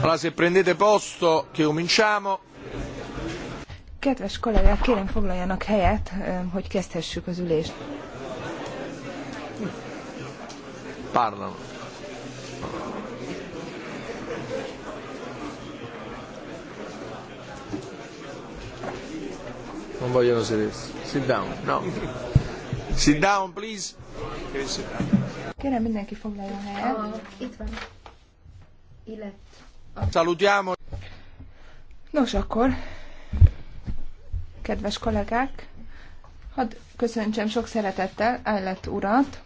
Allora se prendete posto che cominciamo. Kedves kollégák, kérem foglaljanak helyet, eh, hogy kezdhessük az ülést. Parlano. Non vogliono sedersi. Sit down. No. Sit down, please. Kérem, mindenki foglaljon helyet. Ah, itt van. Illet. Salutiamo. Nos akkor, kedves kollégák, hadd köszöntsem sok szeretettel Ellett urat.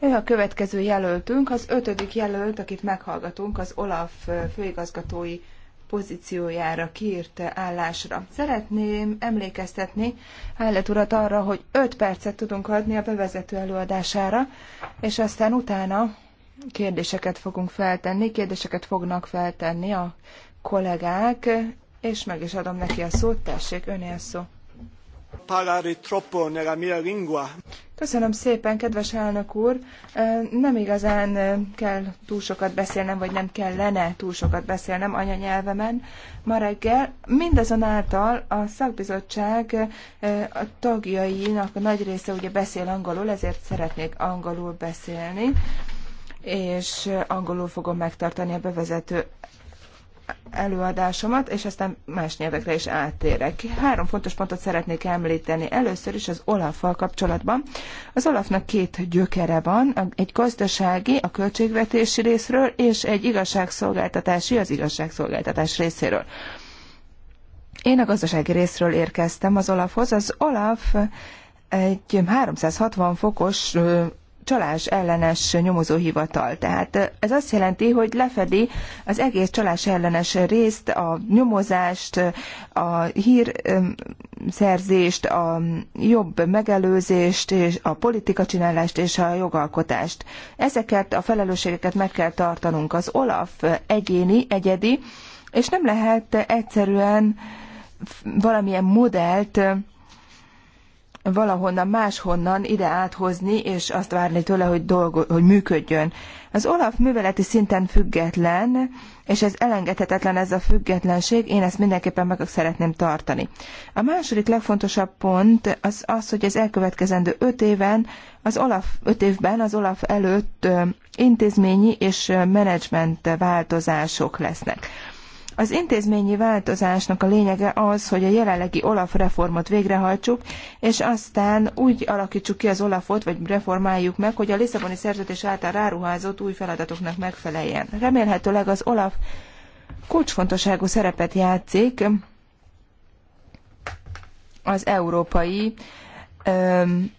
Ő a következő jelöltünk, az ötödik jelölt, akit meghallgatunk, az Olaf főigazgatói pozíciójára, kiírt állásra. Szeretném emlékeztetni Állet urat arra, hogy 5 percet tudunk adni a bevezető előadására, és aztán utána kérdéseket fogunk feltenni, kérdéseket fognak feltenni a kollégák, és meg is adom neki a szót, tessék, öné a szó. Köszönöm szépen, kedves elnök úr. Nem igazán kell túl sokat beszélnem, vagy nem kellene túl sokat beszélnem anyanyelvemen ma reggel. Mindazonáltal a szakbizottság a tagjainak a nagy része ugye beszél angolul, ezért szeretnék angolul beszélni és angolul fogom megtartani a bevezető előadásomat, és aztán más nyelvekre is áttérek. Három fontos pontot szeretnék említeni. Először is az Olaffal kapcsolatban. Az Olafnak két gyökere van, egy gazdasági, a költségvetési részről, és egy igazságszolgáltatási, az igazságszolgáltatás részéről. Én a gazdasági részről érkeztem az Olafhoz. Az Olaf egy 360 fokos csalás ellenes nyomozóhivatal. Tehát ez azt jelenti, hogy lefedi az egész csalás ellenes részt, a nyomozást, a szerzést, a jobb megelőzést, a politikacsinálást és a jogalkotást. Ezeket a felelősségeket meg kell tartanunk. Az OLAF egyéni, egyedi, és nem lehet egyszerűen valamilyen modellt valahonnan máshonnan ide áthozni, és azt várni tőle, hogy, dolgo, hogy működjön. Az Olaf műveleti szinten független, és ez elengedhetetlen ez a függetlenség, én ezt mindenképpen meg szeretném tartani. A második legfontosabb pont az az, hogy az elkövetkezendő öt éven, az Olaf, öt évben az Olaf előtt intézményi és menedzsment változások lesznek. Az intézményi változásnak a lényege az, hogy a jelenlegi Olaf reformot végrehajtsuk, és aztán úgy alakítsuk ki az Olafot, vagy reformáljuk meg, hogy a Lisszaboni szerződés által ráruházott új feladatoknak megfeleljen. Remélhetőleg az Olaf kulcsfontosságú szerepet játszik az európai öm,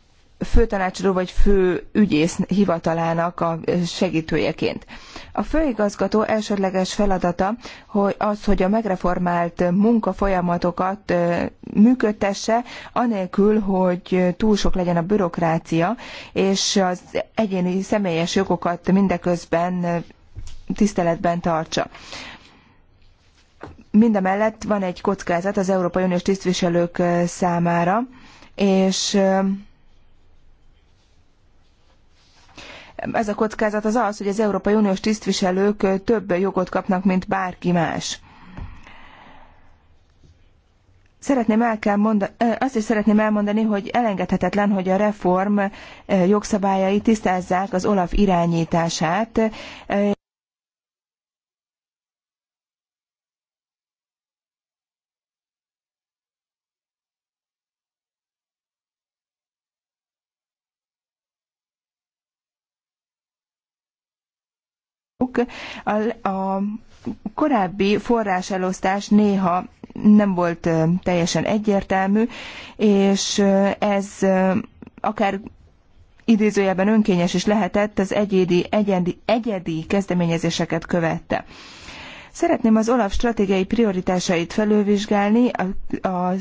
főtanácsadó vagy fő ügyész hivatalának a segítőjeként. A főigazgató elsődleges feladata hogy az, hogy a megreformált munkafolyamatokat működtesse, anélkül, hogy túl sok legyen a bürokrácia, és az egyéni személyes jogokat mindeközben tiszteletben tartsa. Mindemellett van egy kockázat az Európai Uniós tisztviselők számára, és Ez a kockázat az az, hogy az Európai Uniós tisztviselők több jogot kapnak, mint bárki más. Szeretném el kell mondani, azt is szeretném elmondani, hogy elengedhetetlen, hogy a reform jogszabályai tisztázzák az OLAF irányítását, a, a korábbi forráselosztás néha nem volt teljesen egyértelmű, és ez akár idézőjelben önkényes is lehetett, az egyedi, egyedi, egyedi kezdeményezéseket követte. Szeretném az OLAF stratégiai prioritásait felővizsgálni, a, a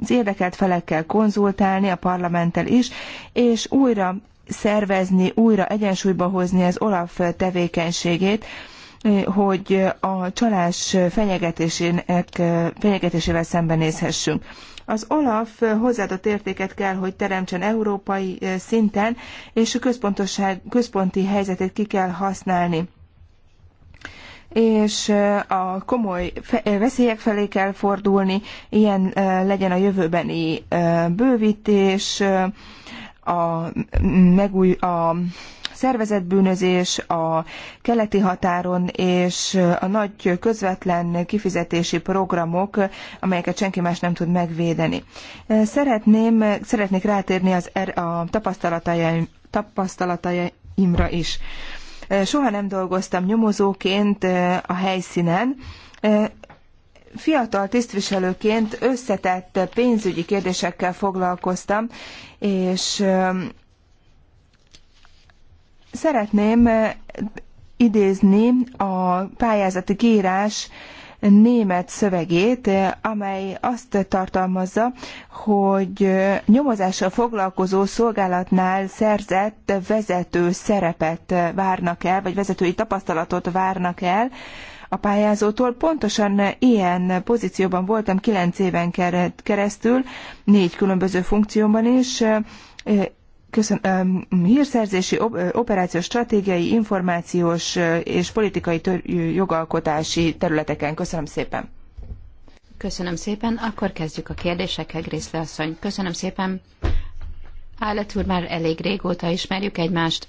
az érdekelt felekkel konzultálni, a parlamenttel is, és újra szervezni, újra egyensúlyba hozni az Olaf tevékenységét, eh, hogy a csalás fenyegetésének, eh, fenyegetésével szembenézhessünk. Az OLAF eh, hozzáadott értéket kell, hogy teremtsen európai szinten, és a központoság, központi helyzetét ki kell használni és a komoly veszélyek felé kell fordulni, ilyen legyen a jövőbeni bővítés, a, megúj, a szervezetbűnözés a keleti határon és a nagy közvetlen kifizetési programok, amelyeket senki más nem tud megvédeni. Szeretném, szeretnék rátérni az, er, a tapasztalataim, tapasztalataimra is. Soha nem dolgoztam nyomozóként a helyszínen, fiatal tisztviselőként összetett pénzügyi kérdésekkel foglalkoztam, és szeretném idézni a pályázati kiírás német szövegét, amely azt tartalmazza, hogy nyomozással foglalkozó szolgálatnál szerzett vezető szerepet várnak el, vagy vezetői tapasztalatot várnak el, a pályázótól. Pontosan ilyen pozícióban voltam kilenc éven keresztül, négy különböző funkcióban is, e, köszön, e, hírszerzési, e, operációs, stratégiai, információs és politikai jogalkotási területeken. Köszönöm szépen. Köszönöm szépen. Akkor kezdjük a kérdésekkel, Grészle asszony. Köszönöm szépen. Állat úr, már elég régóta ismerjük egymást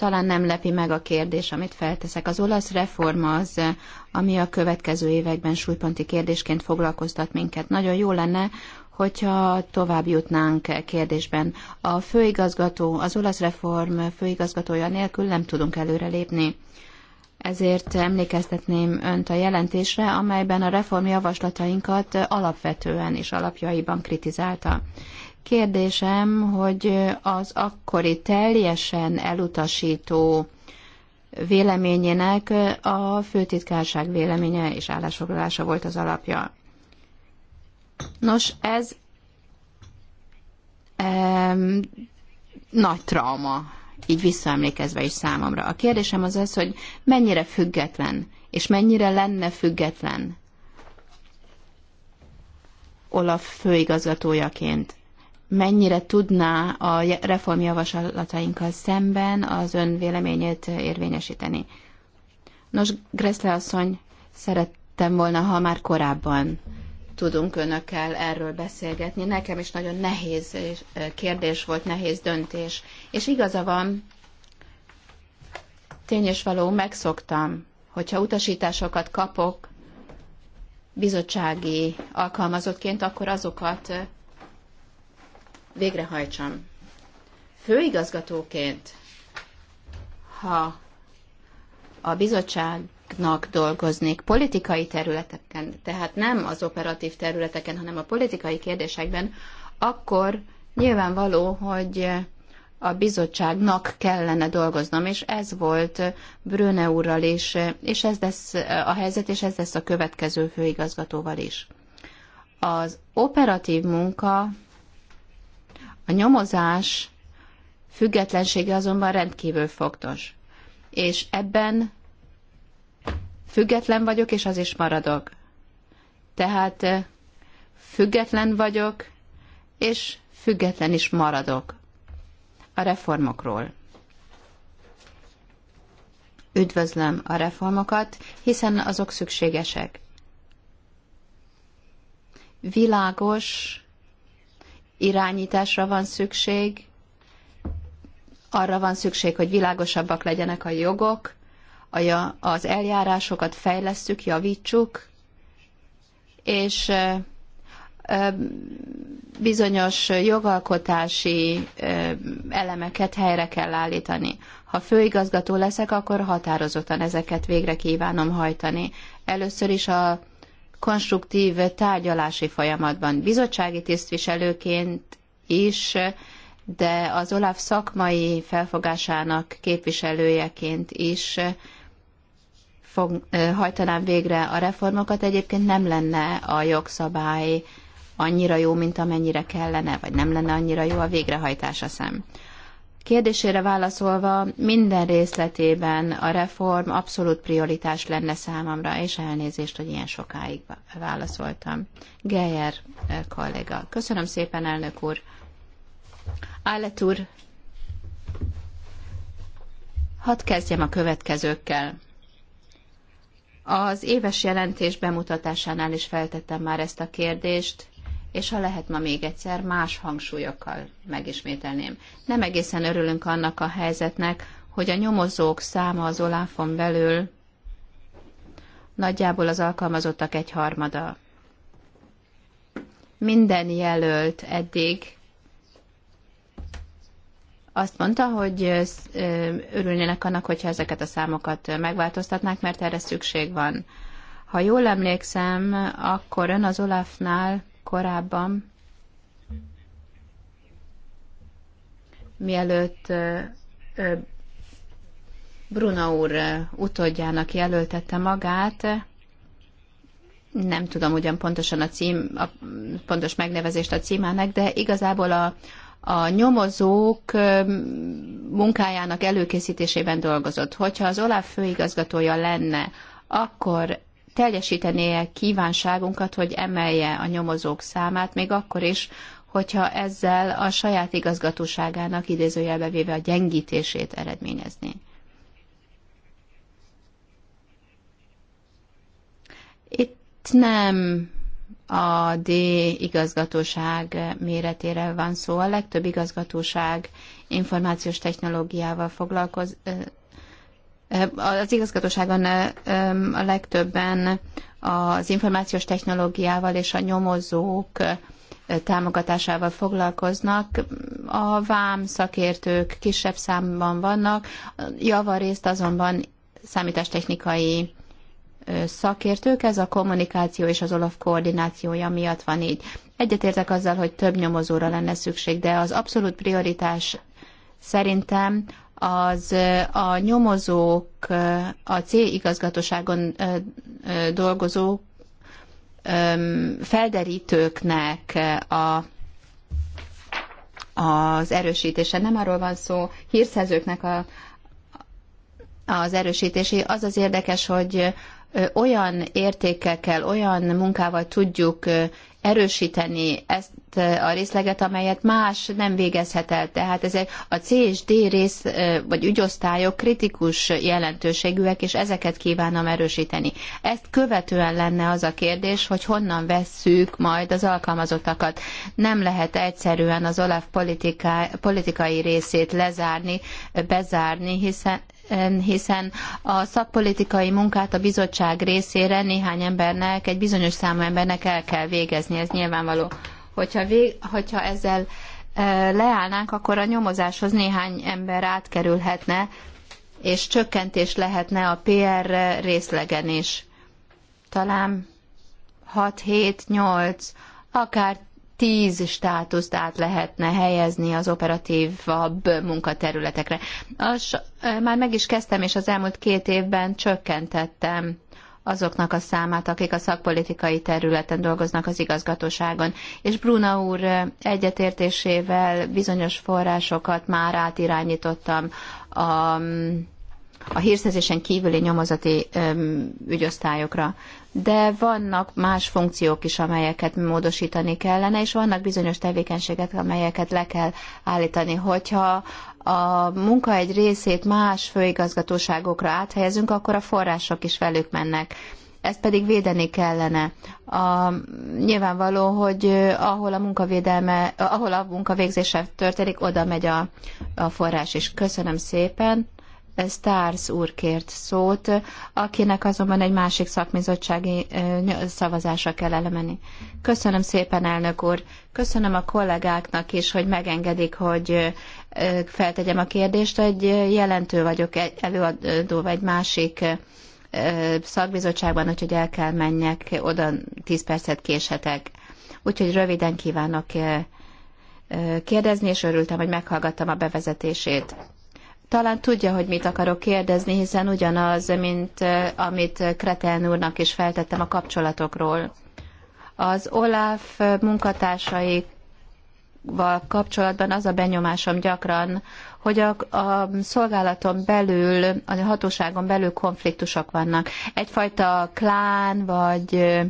talán nem lepi meg a kérdés, amit felteszek. Az olasz reforma az, ami a következő években súlyponti kérdésként foglalkoztat minket. Nagyon jó lenne, hogyha tovább jutnánk e kérdésben. A főigazgató, az olasz reform főigazgatója nélkül nem tudunk előrelépni. Ezért emlékeztetném önt a jelentésre, amelyben a reform javaslatainkat alapvetően és alapjaiban kritizálta. Kérdésem, hogy az akkori teljesen elutasító véleményének a főtitkárság véleménye és állásfoglalása volt az alapja. Nos, ez um, nagy trauma, így visszaemlékezve is számomra. A kérdésem az az, hogy mennyire független, és mennyire lenne független Olaf főigazgatójaként mennyire tudná a reformjavaslatainkkal szemben az ön véleményét érvényesíteni. Nos, Greszle asszony, szerettem volna, ha már korábban tudunk önökkel erről beszélgetni. Nekem is nagyon nehéz kérdés volt, nehéz döntés. És igaza van, tény és való, megszoktam, hogyha utasításokat kapok bizottsági alkalmazottként, akkor azokat végrehajtsam. Főigazgatóként, ha a bizottságnak dolgoznék politikai területeken, tehát nem az operatív területeken, hanem a politikai kérdésekben, akkor nyilvánvaló, hogy a bizottságnak kellene dolgoznom, és ez volt Bröne úrral is, és ez lesz a helyzet, és ez lesz a következő főigazgatóval is. Az operatív munka a nyomozás függetlensége azonban rendkívül fontos. És ebben független vagyok, és az is maradok. Tehát eh, független vagyok, és független is maradok a reformokról. Üdvözlöm a reformokat, hiszen azok szükségesek. Világos, irányításra van szükség, arra van szükség, hogy világosabbak legyenek a jogok, az eljárásokat fejlesztjük, javítsuk, és bizonyos jogalkotási elemeket helyre kell állítani. Ha főigazgató leszek, akkor határozottan ezeket végre kívánom hajtani. Először is a konstruktív tárgyalási folyamatban. Bizottsági tisztviselőként is, de az Olaf szakmai felfogásának képviselőjeként is eh, fog, eh, hajtanám végre a reformokat, egyébként nem lenne a jogszabály annyira jó, mint amennyire kellene, vagy nem lenne annyira jó a végrehajtása szem. Kérdésére válaszolva minden részletében a reform abszolút prioritás lenne számomra, és elnézést, hogy ilyen sokáig válaszoltam. Geyer eh, kolléga. Köszönöm szépen, elnök úr. Állet úr, hadd kezdjem a következőkkel. Az éves jelentés bemutatásánál is feltettem már ezt a kérdést, és ha lehet ma még egyszer, más hangsúlyokkal megismételném. Nem egészen örülünk annak a helyzetnek, hogy a nyomozók száma az oláfon belül nagyjából az alkalmazottak egy harmada. Minden jelölt eddig azt mondta, hogy örülnének annak, hogyha ezeket a számokat megváltoztatnák, mert erre szükség van. Ha jól emlékszem, akkor ön az Olafnál korábban, mielőtt Bruna úr utódjának jelöltette magát, nem tudom ugyan pontosan a cím, a pontos megnevezést a címának, de igazából a, a nyomozók munkájának előkészítésében dolgozott. Hogyha az Olaf főigazgatója lenne, akkor -e kívánságunkat, hogy emelje a nyomozók számát, még akkor is, hogyha ezzel a saját igazgatóságának idézőjelbe véve a gyengítését eredményezné. Itt nem a D igazgatóság méretére van szó. A legtöbb igazgatóság információs technológiával foglalkoz, az igazgatóságon a legtöbben az információs technológiával és a nyomozók támogatásával foglalkoznak. A vám szakértők kisebb számban vannak, javarészt azonban számítástechnikai szakértők, ez a kommunikáció és az OLAF koordinációja miatt van így. Egyetértek azzal, hogy több nyomozóra lenne szükség, de az abszolút prioritás szerintem az a nyomozók, a C igazgatóságon dolgozó felderítőknek a az erősítése. Nem arról van szó, hírszerzőknek a, az erősítése. Az az érdekes, hogy olyan értékekkel, olyan munkával tudjuk erősíteni ezt, Eh, a részleget, amelyet más nem végezhet el. Tehát ezek a C és D rész, eh, vagy ügyosztályok kritikus jelentőségűek, és ezeket kívánom erősíteni. Ezt követően lenne az a kérdés, hogy honnan vesszük majd az alkalmazottakat. Nem lehet egyszerűen az OLAF politiká, politikai részét lezárni, bezárni, hiszen eh, hiszen a szakpolitikai munkát a bizottság részére néhány embernek, egy bizonyos számú embernek el kell végezni, ez nyilvánvaló. Hogyha, vég, hogyha ezzel e, leállnánk, akkor a nyomozáshoz néhány ember átkerülhetne, és csökkentés lehetne a PR részlegen is. Talán 6, 7, 8, akár 10 státuszt át lehetne helyezni az operatívabb munkaterületekre. Az, e, már meg is kezdtem, és az elmúlt két évben csökkentettem azoknak a számát, akik a szakpolitikai területen dolgoznak az igazgatóságon. És Bruna úr eh, egyetértésével bizonyos forrásokat már átirányítottam a, a hírszerzésen kívüli nyomozati ügyosztályokra. De vannak más funkciók is, amelyeket módosítani kellene, és vannak bizonyos tevékenységek, amelyeket le kell állítani. Hogyha a munka egy részét más főigazgatóságokra áthelyezünk, akkor a források is velük mennek. Ezt pedig védeni kellene. A, nyilvánvaló, hogy ahol a munkavédelme, ahol a munkavégzése történik, oda megy a, a forrás is. Köszönöm szépen. Stars úr kért szót, akinek azonban egy másik szakbizottsági szavazásra kell elemenni. Köszönöm szépen, elnök úr! Köszönöm a kollégáknak is, hogy megengedik, hogy feltegyem a kérdést, hogy jelentő vagyok egy előadó vagy másik szakbizottságban, úgyhogy el kell menjek, oda 10 percet késhetek. Úgyhogy röviden kívánok kérdezni, és örültem, hogy meghallgattam a bevezetését. Talán tudja, hogy mit akarok kérdezni, hiszen ugyanaz, mint amit Kreten úrnak is feltettem a kapcsolatokról. Az Olaf munkatársai val kapcsolatban az a benyomásom gyakran, hogy a, a szolgálaton belül, a hatóságon belül konfliktusok vannak. Egyfajta klán vagy,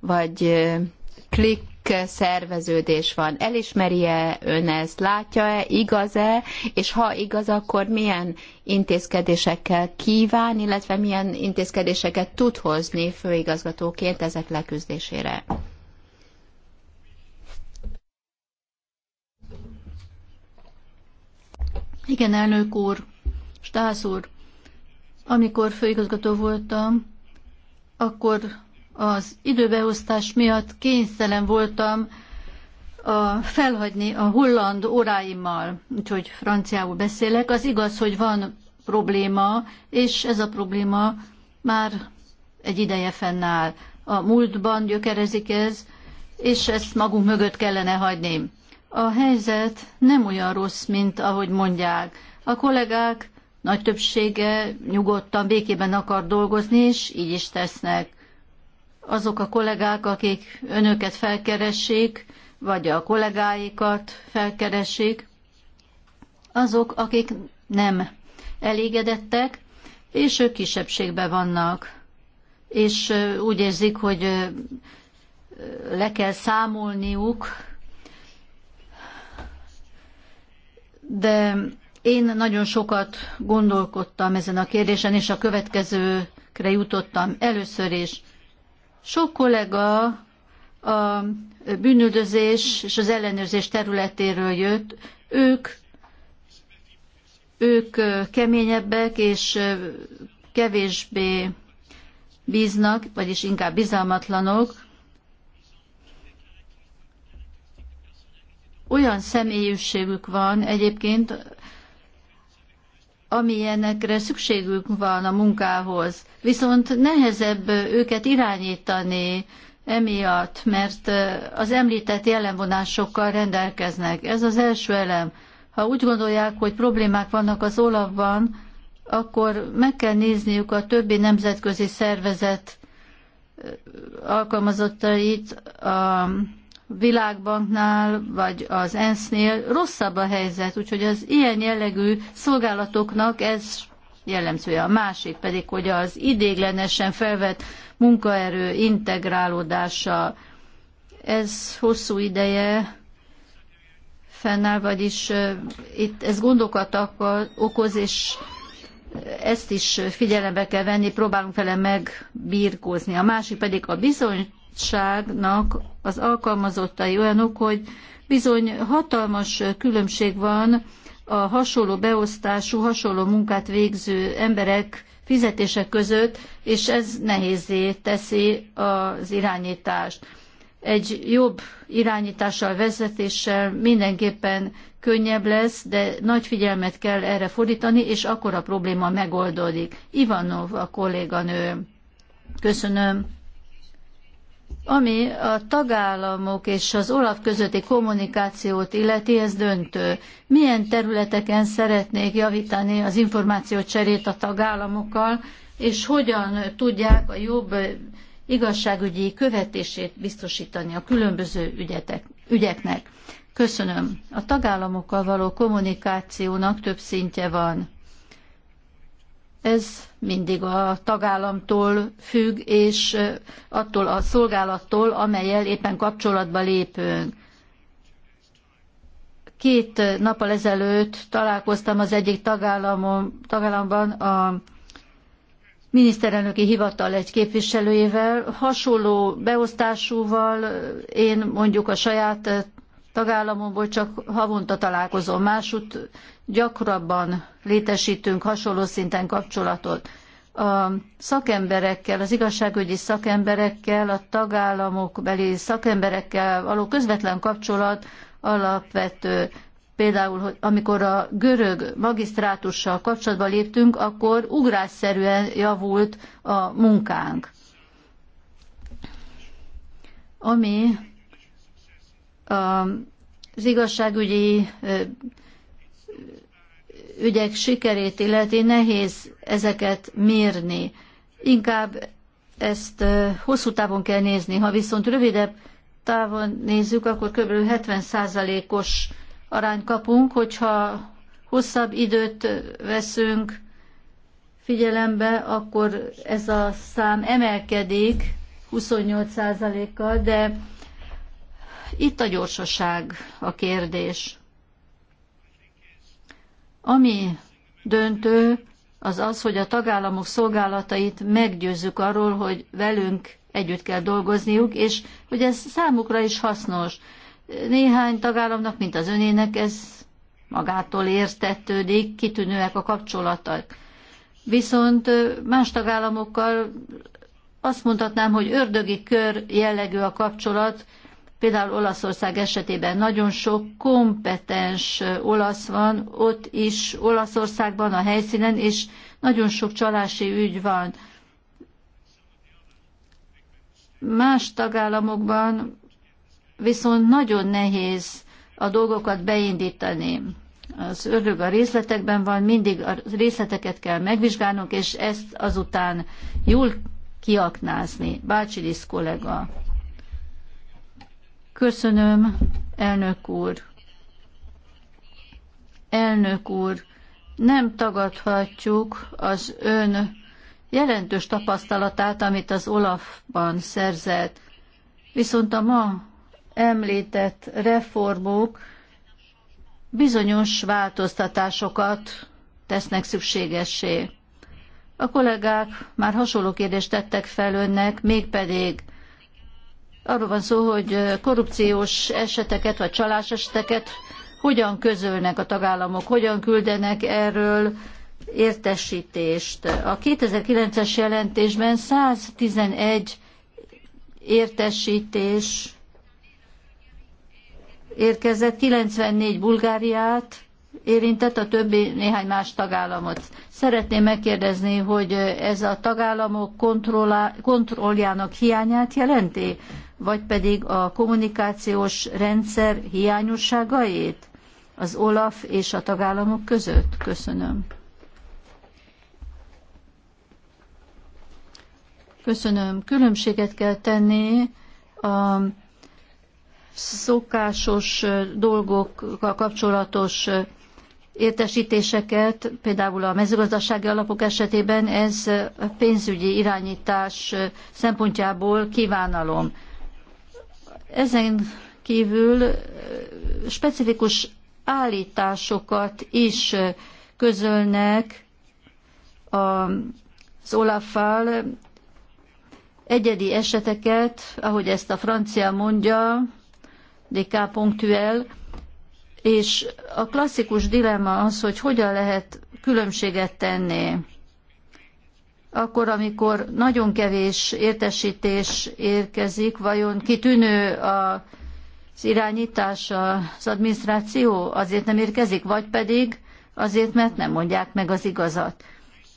vagy klik szerveződés van. Elismeri-e ön ezt? Látja-e? Igaz-e? És ha igaz, akkor milyen intézkedésekkel kíván, illetve milyen intézkedéseket tud hozni főigazgatóként ezek leküzdésére? Igen, elnök úr, Stász úr, amikor főigazgató voltam, akkor az időbeosztás miatt kényszelen voltam a, felhagyni a holland óráimmal, úgyhogy franciául beszélek. Az igaz, hogy van probléma, és ez a probléma már egy ideje fennáll. A múltban gyökerezik ez, és ezt magunk mögött kellene hagyni a helyzet nem olyan rossz, mint ahogy mondják. A kollégák nagy többsége nyugodtan, békében akar dolgozni, és így is tesznek. Azok a kollégák, akik önöket felkeresik, vagy a kollégáikat felkeresik, azok, akik nem elégedettek, és ők kisebbségben vannak, és úgy érzik, hogy le kell számolniuk de én nagyon sokat gondolkodtam ezen a kérdésen, és a következőkre jutottam először is. Sok kollega a bűnüldözés és az ellenőrzés területéről jött. Ők, ők keményebbek és kevésbé bíznak, vagyis inkább bizalmatlanok, olyan személyiségük van egyébként, amilyenekre szükségük van a munkához. Viszont nehezebb őket irányítani emiatt, mert az említett jellemvonásokkal rendelkeznek. Ez az első elem. Ha úgy gondolják, hogy problémák vannak az olavban, akkor meg kell nézniük a többi nemzetközi szervezet alkalmazottait, a világbanknál, vagy az ENSZ-nél rosszabb a helyzet, úgyhogy az ilyen jellegű szolgálatoknak ez jellemzője. A másik pedig, hogy az idéglenesen felvett munkaerő integrálódása, ez hosszú ideje fennáll, vagyis itt ez gondokat okoz, és ezt is figyelembe kell venni, próbálunk vele megbírkozni. A másik pedig a bizony bizottságnak az alkalmazottai olyanok, hogy bizony hatalmas különbség van a hasonló beosztású, hasonló munkát végző emberek fizetések között, és ez nehézé teszi az irányítást. Egy jobb irányítással, vezetéssel mindenképpen könnyebb lesz, de nagy figyelmet kell erre fordítani, és akkor a probléma megoldódik. Ivanov a kolléganő. Köszönöm ami a tagállamok és az OLAF közötti kommunikációt illeti, ez döntő. Milyen területeken szeretnék javítani az információcserét a tagállamokkal, és hogyan tudják a jobb igazságügyi követését biztosítani a különböző ügyetek, ügyeknek. Köszönöm. A tagállamokkal való kommunikációnak több szintje van. Ez mindig a tagállamtól függ, és attól a szolgálattól, amelyel éppen kapcsolatba lépünk. Két nappal ezelőtt találkoztam az egyik tagállamon, tagállamban a miniszterelnöki hivatal egy képviselőjével, hasonló beosztásúval én mondjuk a saját tagállamomból csak havonta találkozom, másút gyakrabban létesítünk hasonló szinten kapcsolatot. A szakemberekkel, az igazságügyi szakemberekkel, a tagállamok beli szakemberekkel való közvetlen kapcsolat alapvető. Például, hogy amikor a görög magisztrátussal kapcsolatba léptünk, akkor ugrásszerűen javult a munkánk. Ami az igazságügyi ügyek sikerét illeti, nehéz ezeket mérni. Inkább ezt hosszú távon kell nézni. Ha viszont rövidebb távon nézzük, akkor kb. 70%-os arányt kapunk, hogyha hosszabb időt veszünk figyelembe, akkor ez a szám emelkedik 28%-kal, de itt a gyorsaság a kérdés. Ami döntő, az az, hogy a tagállamok szolgálatait meggyőzzük arról, hogy velünk együtt kell dolgozniuk, és hogy ez számukra is hasznos. Néhány tagállamnak, mint az önének, ez magától értetődik, kitűnőek a kapcsolatok. Viszont más tagállamokkal azt mondhatnám, hogy ördögi kör jellegű a kapcsolat, Például Olaszország esetében nagyon sok kompetens olasz van, ott is Olaszországban a helyszínen, és nagyon sok csalási ügy van. Más tagállamokban viszont nagyon nehéz a dolgokat beindítani. Az ördög a részletekben van, mindig a részleteket kell megvizsgálnunk, és ezt azután jól kiaknázni. Bácsilis kollega. Köszönöm, elnök úr. Elnök úr, nem tagadhatjuk az ön jelentős tapasztalatát, amit az Olafban szerzett. Viszont a ma említett reformok bizonyos változtatásokat tesznek szükségessé. A kollégák már hasonló kérdést tettek fel önnek, mégpedig Arról van szó, hogy korrupciós eseteket vagy csalás eseteket hogyan közölnek a tagállamok, hogyan küldenek erről értesítést. A 2009-es jelentésben 111 értesítés érkezett, 94 Bulgáriát, érintett, a többi néhány más tagállamot. Szeretném megkérdezni, hogy ez a tagállamok kontrolljának hiányát jelenti, vagy pedig a kommunikációs rendszer hiányosságait az OLAF és a tagállamok között? Köszönöm. Köszönöm. Különbséget kell tenni a szokásos dolgokkal kapcsolatos értesítéseket, például a mezőgazdasági alapok esetében ez a pénzügyi irányítás szempontjából kívánalom. Ezen kívül specifikus állításokat is közölnek az Olaffal egyedi eseteket, ahogy ezt a francia mondja, de K. ponctuel, és a klasszikus dilemma az, hogy hogyan lehet különbséget tenni akkor, amikor nagyon kevés értesítés érkezik, vajon kitűnő a az irányítás, az adminisztráció azért nem érkezik, vagy pedig azért, mert nem mondják meg az igazat.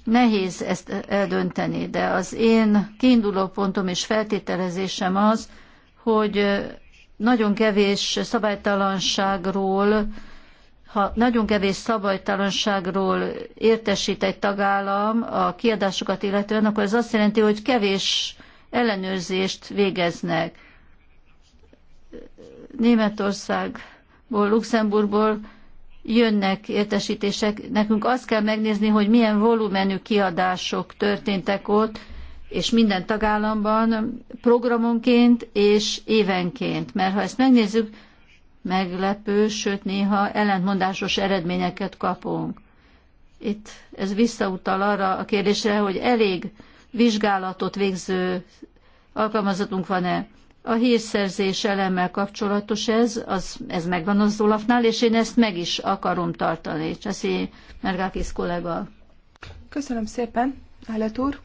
Nehéz ezt eldönteni, de az én kiinduló pontom és feltételezésem az, hogy nagyon kevés szabálytalanságról, ha nagyon kevés szabálytalanságról értesít egy tagállam a kiadásokat illetően, akkor ez azt jelenti, hogy kevés ellenőrzést végeznek. Németországból, Luxemburgból jönnek értesítések. Nekünk azt kell megnézni, hogy milyen volumenű kiadások történtek ott, és minden tagállamban programonként és évenként. Mert ha ezt megnézzük, meglepő, sőt néha ellentmondásos eredményeket kapunk. Itt ez visszautal arra a kérdésre, hogy elég vizsgálatot végző alkalmazatunk van-e. A hírszerzés elemmel kapcsolatos ez, az, ez megvan az Olafnál, és én ezt meg is akarom tartani. Cseszi Mergákis kollega. Köszönöm szépen, Állat úr.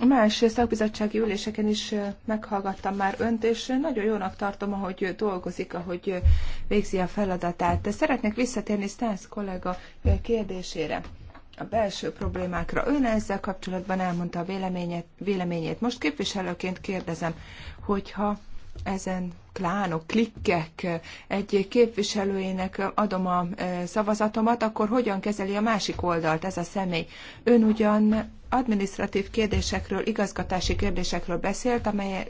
Más szakbizottsági üléseken is meghallgattam már önt, és nagyon jónak tartom, ahogy dolgozik, ahogy végzi a feladatát. De szeretnék visszatérni Stász kollega kérdésére a belső problémákra. Ön ezzel kapcsolatban elmondta a véleményét. véleményét. Most képviselőként kérdezem, hogyha ezen klánok, klikkek egy képviselőjének adom a e, szavazatomat, akkor hogyan kezeli a másik oldalt ez a személy? Ön ugyan administratív kérdésekről, igazgatási kérdésekről beszélt, amely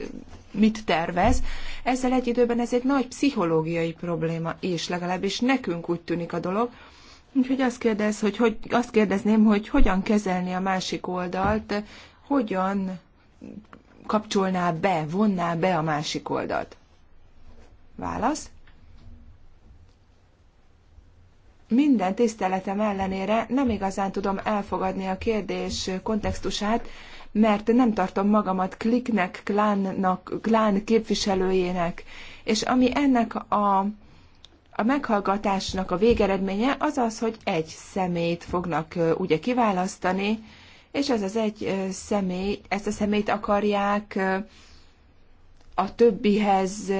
mit tervez. Ezzel egy időben ez egy nagy pszichológiai probléma, és legalábbis nekünk úgy tűnik a dolog. Úgyhogy azt, kérdez, hogy, hogy, azt kérdezném, hogy hogyan kezelni a másik oldalt, hogyan kapcsolná be, vonná be a másik oldalt? Válasz. Minden tiszteletem ellenére nem igazán tudom elfogadni a kérdés kontextusát, mert nem tartom magamat kliknek, klánnak, klán képviselőjének. És ami ennek a a meghallgatásnak a végeredménye az az, hogy egy szemét fognak ugye kiválasztani, és ez az egy személy, ezt a szemét akarják a többihez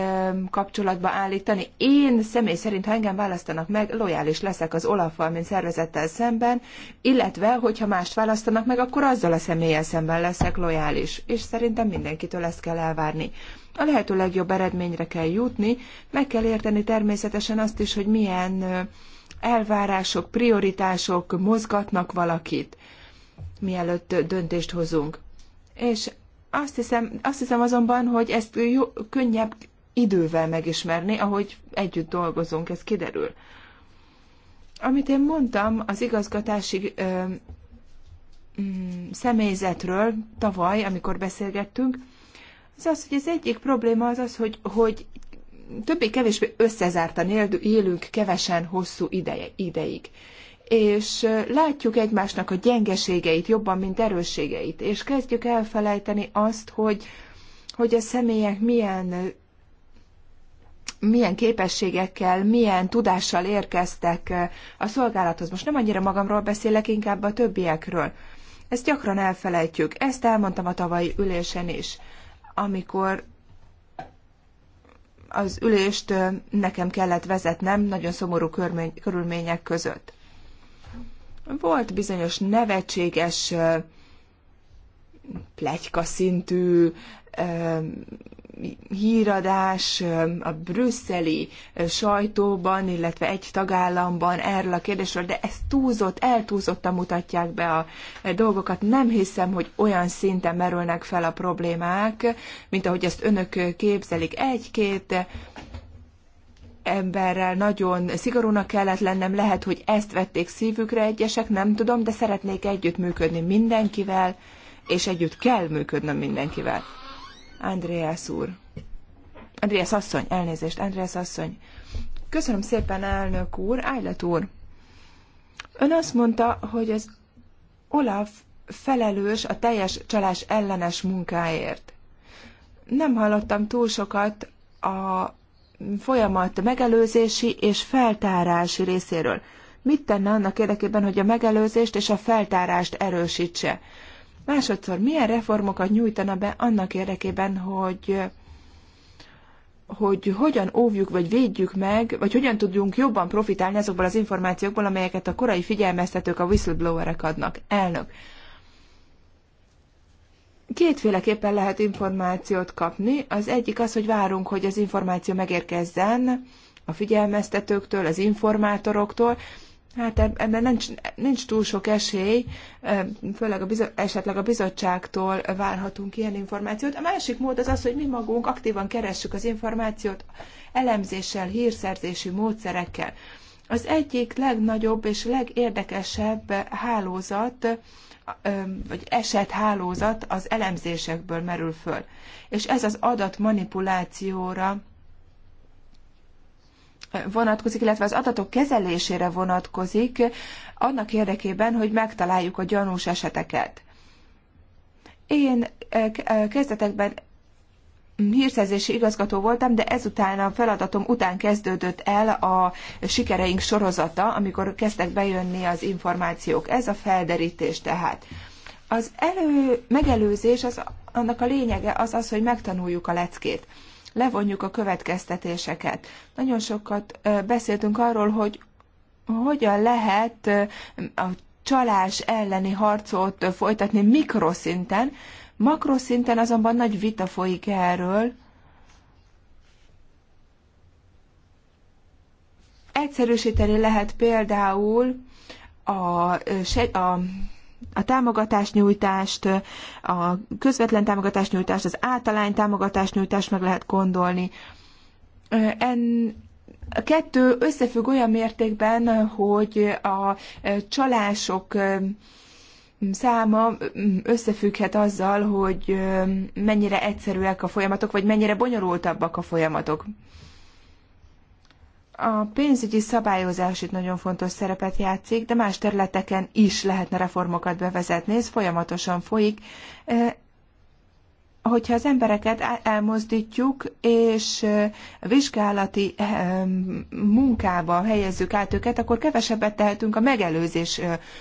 kapcsolatba állítani. Én személy szerint, ha engem választanak meg, lojális leszek az Olaffal, mint szervezettel szemben, illetve, hogyha mást választanak meg, akkor azzal a személlyel szemben leszek lojális. És szerintem mindenkitől ezt kell elvárni. A lehető legjobb eredményre kell jutni, meg kell érteni természetesen azt is, hogy milyen elvárások, prioritások mozgatnak valakit mielőtt döntést hozunk. És azt hiszem, azt hiszem azonban, hogy ezt jó, könnyebb idővel megismerni, ahogy együtt dolgozunk, ez kiderül. Amit én mondtam az igazgatási ö, mm, személyzetről tavaly, amikor beszélgettünk, az az, hogy az egyik probléma az az, hogy, hogy többé-kevésbé összezártan élünk kevesen hosszú ideje, ideig és látjuk egymásnak a gyengeségeit jobban, mint erősségeit, és kezdjük elfelejteni azt, hogy, hogy a személyek milyen milyen képességekkel, milyen tudással érkeztek a szolgálathoz. Most nem annyira magamról beszélek, inkább a többiekről. Ezt gyakran elfelejtjük. Ezt elmondtam a tavalyi ülésen is, amikor az ülést nekem kellett vezetnem nagyon szomorú körülmények között. Volt bizonyos nevetséges, plegyka szintű híradás a brüsszeli sajtóban, illetve egy tagállamban erről a kérdésről, de ez túlzott, eltúzotta mutatják be a dolgokat. Nem hiszem, hogy olyan szinten merülnek fel a problémák, mint ahogy ezt önök képzelik. Egy-két emberrel nagyon szigorúnak kellett lennem, lehet, hogy ezt vették szívükre egyesek, nem tudom, de szeretnék együttműködni mindenkivel, és együtt kell működnöm mindenkivel. Andreas úr. Andreas asszony, elnézést, Andreas asszony. Köszönöm szépen, elnök úr, Ájlet úr. Ön azt mondta, hogy az Olaf felelős a teljes csalás ellenes munkáért. Nem hallottam túl sokat a folyamat megelőzési és feltárási részéről. Mit tenne annak érdekében, hogy a megelőzést és a feltárást erősítse? Másodszor, milyen reformokat nyújtana be annak érdekében, hogy hogy hogyan óvjuk vagy védjük meg, vagy hogyan tudjunk jobban profitálni azokból az információkból, amelyeket a korai figyelmeztetők a whistleblowerek adnak. Elnök. Kétféleképpen lehet információt kapni. Az egyik az, hogy várunk, hogy az információ megérkezzen a figyelmeztetőktől, az informátoroktól. Hát ebben nincs, nincs túl sok esély, főleg a bizo- esetleg a bizottságtól várhatunk ilyen információt. A másik mód az az, hogy mi magunk aktívan keressük az információt elemzéssel, hírszerzési módszerekkel. Az egyik legnagyobb és legérdekesebb hálózat vagy esethálózat az elemzésekből merül föl. És ez az adat manipulációra vonatkozik, illetve az adatok kezelésére vonatkozik, annak érdekében, hogy megtaláljuk a gyanús eseteket. Én kezdetekben hírszerzési igazgató voltam, de ezután a feladatom után kezdődött el a sikereink sorozata, amikor kezdtek bejönni az információk. Ez a felderítés tehát. Az elő, megelőzés, az, annak a lényege az az, hogy megtanuljuk a leckét. Levonjuk a következtetéseket. Nagyon sokat beszéltünk arról, hogy hogyan lehet a csalás elleni harcot folytatni mikroszinten, Makroszinten azonban nagy vita folyik erről. Egyszerűsíteni lehet például a, a a támogatásnyújtást, a közvetlen támogatásnyújtást, az általány támogatásnyújtást meg lehet gondolni. En, a kettő összefügg olyan mértékben, hogy a e, csalások e, száma összefügghet azzal, hogy mennyire egyszerűek a folyamatok, vagy mennyire bonyolultabbak a folyamatok. A pénzügyi szabályozás itt nagyon fontos szerepet játszik, de más területeken is lehetne reformokat bevezetni, ez folyamatosan folyik hogyha az embereket elmozdítjuk, és vizsgálati munkába helyezzük át őket, akkor kevesebbet tehetünk a megelőzés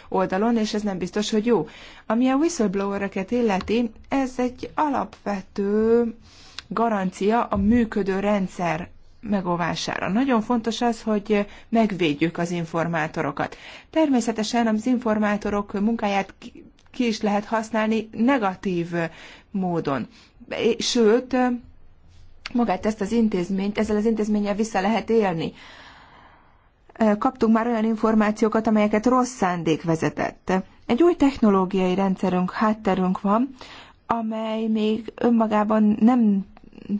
oldalon, és ez nem biztos, hogy jó. Ami a whistleblowereket illeti, ez egy alapvető garancia a működő rendszer megóvására. Nagyon fontos az, hogy megvédjük az informátorokat. Természetesen az informátorok munkáját ki is lehet használni negatív módon. Sőt, magát ezt az intézményt, ezzel az intézménnyel vissza lehet élni. Kaptunk már olyan információkat, amelyeket rossz szándék vezetett. Egy új technológiai rendszerünk, hátterünk van, amely még önmagában nem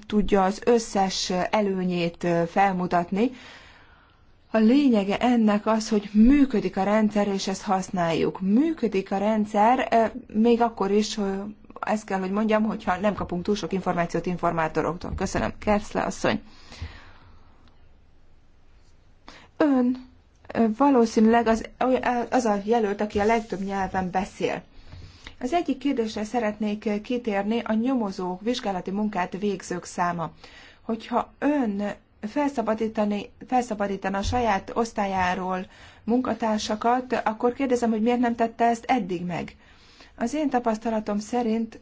tudja az összes előnyét felmutatni, a lényege ennek az, hogy működik a rendszer, és ezt használjuk. Működik a rendszer, még akkor is, hogy ezt kell, hogy mondjam, hogyha nem kapunk túl sok információt informátoroktól. Köszönöm, Kerszle asszony. Ön valószínűleg az, az a jelölt, aki a legtöbb nyelven beszél. Az egyik kérdésre szeretnék kitérni a nyomozók, vizsgálati munkát végzők száma. Hogyha ön felszabadítani, felszabadítana a saját osztályáról munkatársakat, akkor kérdezem, hogy miért nem tette ezt eddig meg. Az én tapasztalatom szerint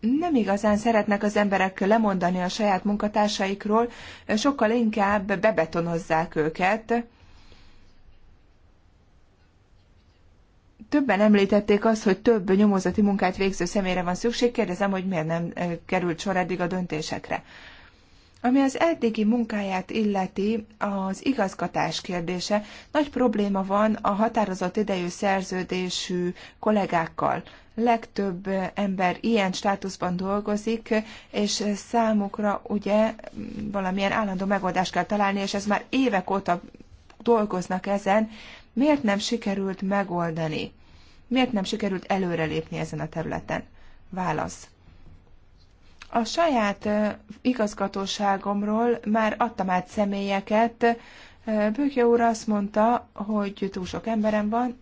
nem igazán szeretnek az emberek lemondani a saját munkatársaikról, sokkal inkább bebetonozzák őket, Többen említették azt, hogy több nyomozati munkát végző személyre van szükség. Kérdezem, hogy miért nem eh, került sor eddig a döntésekre. Ami az eddigi munkáját illeti, az igazgatás kérdése. Nagy probléma van a határozott idejű szerződésű kollégákkal. Legtöbb ember ilyen státuszban dolgozik, és számukra ugye valamilyen állandó megoldást kell találni, és ez már évek óta dolgoznak ezen. Miért nem sikerült megoldani? Miért nem sikerült előrelépni ezen a területen? Válasz. A saját igazgatóságomról már adtam át személyeket. Bőke úr azt mondta, hogy túl sok emberem van,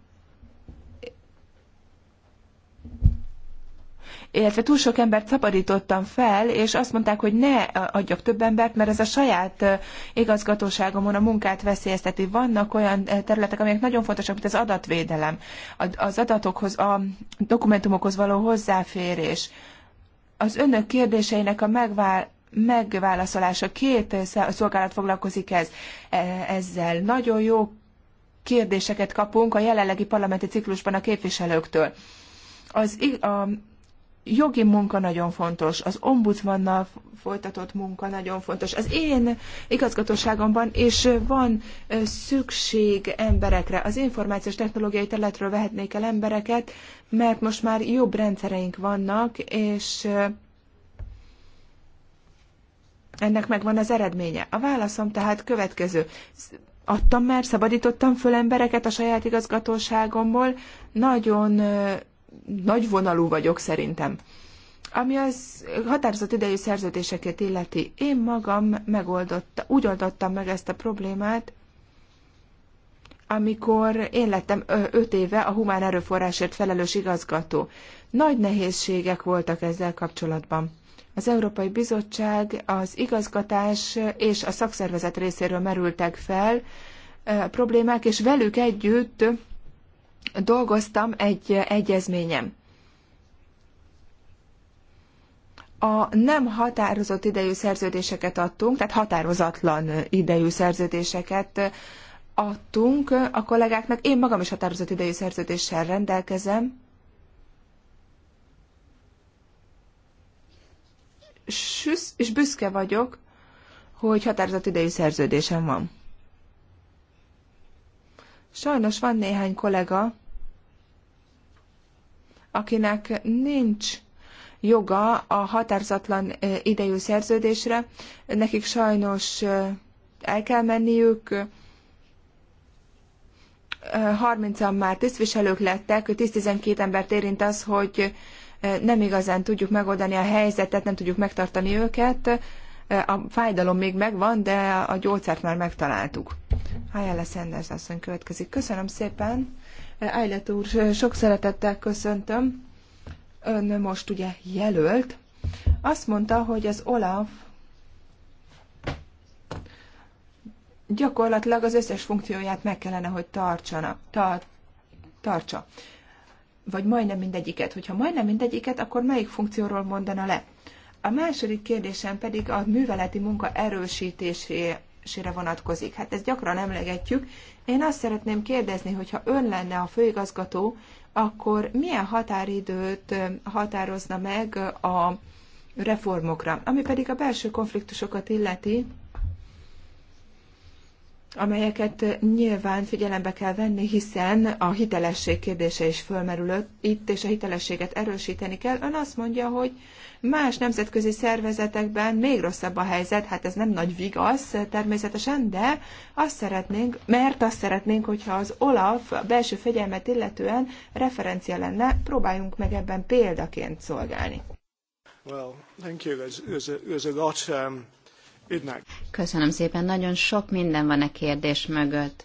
illetve túl sok embert szabadítottam fel, és azt mondták, hogy ne adjak több embert, mert ez a saját igazgatóságomon a munkát veszélyezteti. Vannak olyan területek, amelyek nagyon fontosak, mint az adatvédelem, az adatokhoz, a dokumentumokhoz való hozzáférés, az önök kérdéseinek a megvál, megválaszolása. Két szolgálat foglalkozik ez, e, ezzel. Nagyon jó kérdéseket kapunk a jelenlegi parlamenti ciklusban a képviselőktől. Az, a jogi munka nagyon fontos, az ombudsmannal folytatott munka nagyon fontos. Az én igazgatóságomban is van szükség emberekre. Az információs technológiai területről vehetnék el embereket, mert most már jobb rendszereink vannak, és ennek megvan az eredménye. A válaszom tehát következő. Adtam már, szabadítottam föl embereket a saját igazgatóságomból. Nagyon nagyvonalú vagyok szerintem. Ami az határozott idejű szerződéseket illeti, én magam megoldotta, úgy oldottam meg ezt a problémát, amikor én lettem öt éve a humán erőforrásért felelős igazgató. Nagy nehézségek voltak ezzel kapcsolatban. Az Európai Bizottság, az igazgatás és a szakszervezet részéről merültek fel problémák, és velük együtt dolgoztam egy egyezményem. A nem határozott idejű szerződéseket adtunk, tehát határozatlan idejű szerződéseket adtunk a kollégáknak. Én magam is határozott idejű szerződéssel rendelkezem. Süsz, és büszke vagyok, hogy határozott idejű szerződésem van. Sajnos van néhány kollega, akinek nincs joga a határozatlan idejű szerződésre, nekik sajnos el kell menniük, 30-an már tisztviselők lettek, 10-12 embert érint az, hogy nem igazán tudjuk megoldani a helyzetet, nem tudjuk megtartani őket. A fájdalom még megvan, de a gyógyszert már megtaláltuk. Hájjá lesz Enders asszony következik. Köszönöm szépen! Ájlet úr, sok szeretettel köszöntöm. Ön most ugye jelölt. Azt mondta, hogy az Olaf gyakorlatilag az összes funkcióját meg kellene, hogy tartsana, tar, tartsa. Vagy majdnem mindegyiket. Hogyha majdnem mindegyiket, akkor melyik funkcióról mondana le? A második kérdésem pedig a műveleti munka erősítésé, sére vonatkozik. Hát ezt gyakran emlegetjük. Én azt szeretném kérdezni, hogyha ön lenne a főigazgató, akkor milyen határidőt határozna meg a reformokra, ami pedig a belső konfliktusokat illeti, amelyeket nyilván figyelembe kell venni, hiszen a hitelesség kérdése is fölmerül itt, és a hitelességet erősíteni kell. Ön azt mondja, hogy más nemzetközi szervezetekben még rosszabb a helyzet, hát ez nem nagy vigasz természetesen, de azt szeretnénk, mert azt szeretnénk, hogyha az OLAF a belső fegyelmet illetően referencia lenne, próbáljunk meg ebben példaként szolgálni. Well, thank you. There's, there's a, there's a lot, um... Köszönöm szépen, nagyon sok minden van a e kérdés mögött.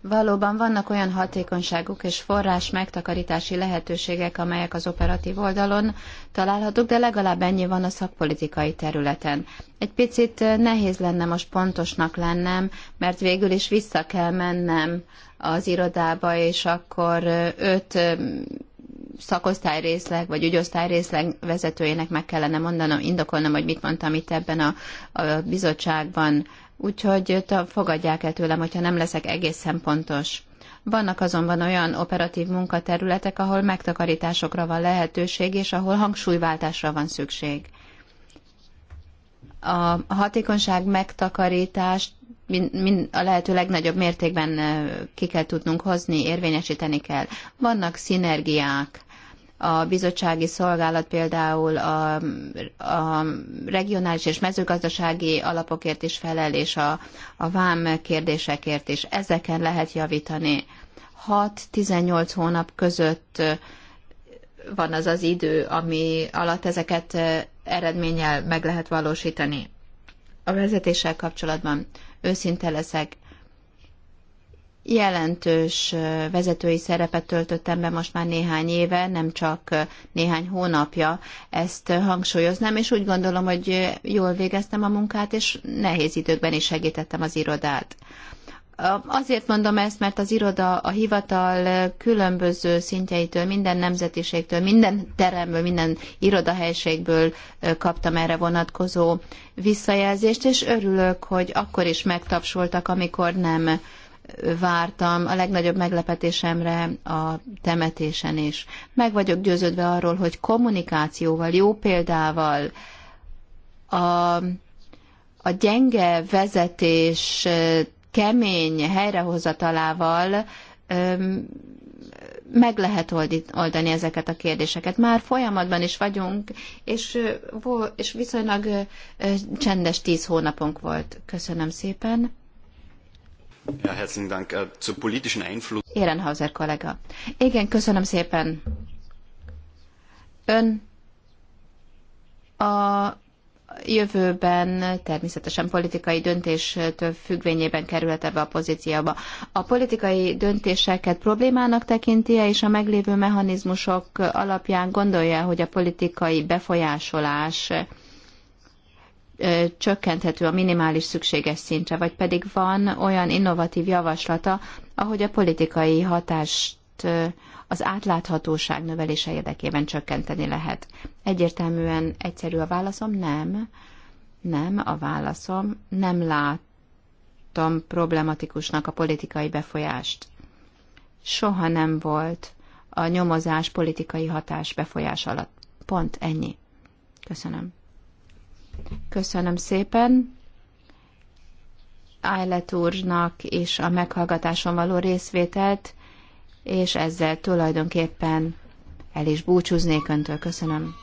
Valóban vannak olyan hatékonyságuk és forrás megtakarítási lehetőségek, amelyek az operatív oldalon találhatók, de legalább ennyi van a szakpolitikai területen. Egy picit eh, nehéz lenne most pontosnak lennem, mert végül is vissza kell mennem az irodába, és akkor eh, öt eh, szakosztály részleg, vagy ügyosztály részleg vezetőjének meg kellene mondanom, indokolnom, hogy mit mondtam itt ebben a, a bizottságban. Úgyhogy fogadják el tőlem, hogyha nem leszek egészen pontos. Vannak azonban olyan operatív munkaterületek, ahol megtakarításokra van lehetőség, és ahol hangsúlyváltásra van szükség. A hatékonyság megtakarítást mind a lehető legnagyobb mértékben ki kell tudnunk hozni, érvényesíteni kell. Vannak szinergiák a bizottsági szolgálat például a, a regionális és mezőgazdasági alapokért is felel, és a, a vám kérdésekért is. Ezeken lehet javítani. 6-18 hónap között van az az idő, ami alatt ezeket eredménnyel meg lehet valósítani. A vezetéssel kapcsolatban őszinte leszek, jelentős vezetői szerepet töltöttem be most már néhány éve, nem csak néhány hónapja, ezt hangsúlyoznám, és úgy gondolom, hogy jól végeztem a munkát, és nehéz időkben is segítettem az irodát. Azért mondom ezt, mert az iroda, a hivatal különböző szintjeitől, minden nemzetiségtől, minden teremből, minden irodahelységből kaptam erre vonatkozó visszajelzést, és örülök, hogy akkor is megtapsoltak, amikor nem vártam a legnagyobb meglepetésemre a temetésen is. Meg vagyok győződve arról, hogy kommunikációval, jó példával, a, a gyenge vezetés kemény helyrehozatalával öm, meg lehet oldani ezeket a kérdéseket. Már folyamatban is vagyunk, és, és viszonylag csendes tíz hónapunk volt. Köszönöm szépen. Ja, herzlichen Dank. Äh, zu politischen Einfluss. Ehrenhauser kollega. Igen, köszönöm szépen. Ön a jövőben természetesen politikai döntéstől függvényében kerülhet ebbe a pozícióba. A politikai döntéseket problémának tekinti-e, és a meglévő mechanizmusok alapján gondolja, hogy a politikai befolyásolás csökkenthető a minimális szükséges szintre, vagy pedig van olyan innovatív javaslata, ahogy a politikai hatást az átláthatóság növelése érdekében csökkenteni lehet. Egyértelműen egyszerű a válaszom, nem. Nem, a válaszom, nem láttam problematikusnak a politikai befolyást. Soha nem volt a nyomozás politikai hatás befolyás alatt. Pont ennyi. Köszönöm. Köszönöm szépen. Ájlet úrnak és a meghallgatáson való részvételt, és ezzel tulajdonképpen el is búcsúznék öntől. Köszönöm.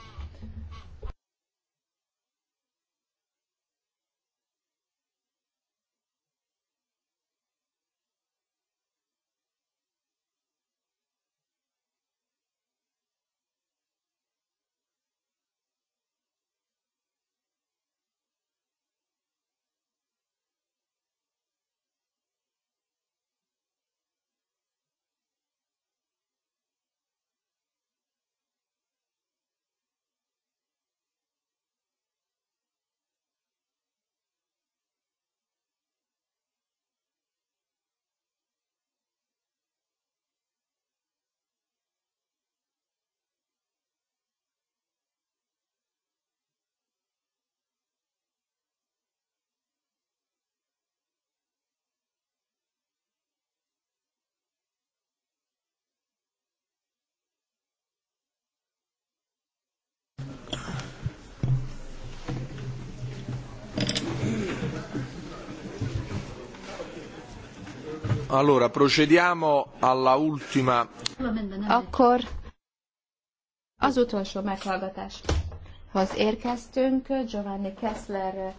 Allora, procediamo alla ultima. Akkor az utolsó meghallgatáshoz érkeztünk. Giovanni Kessler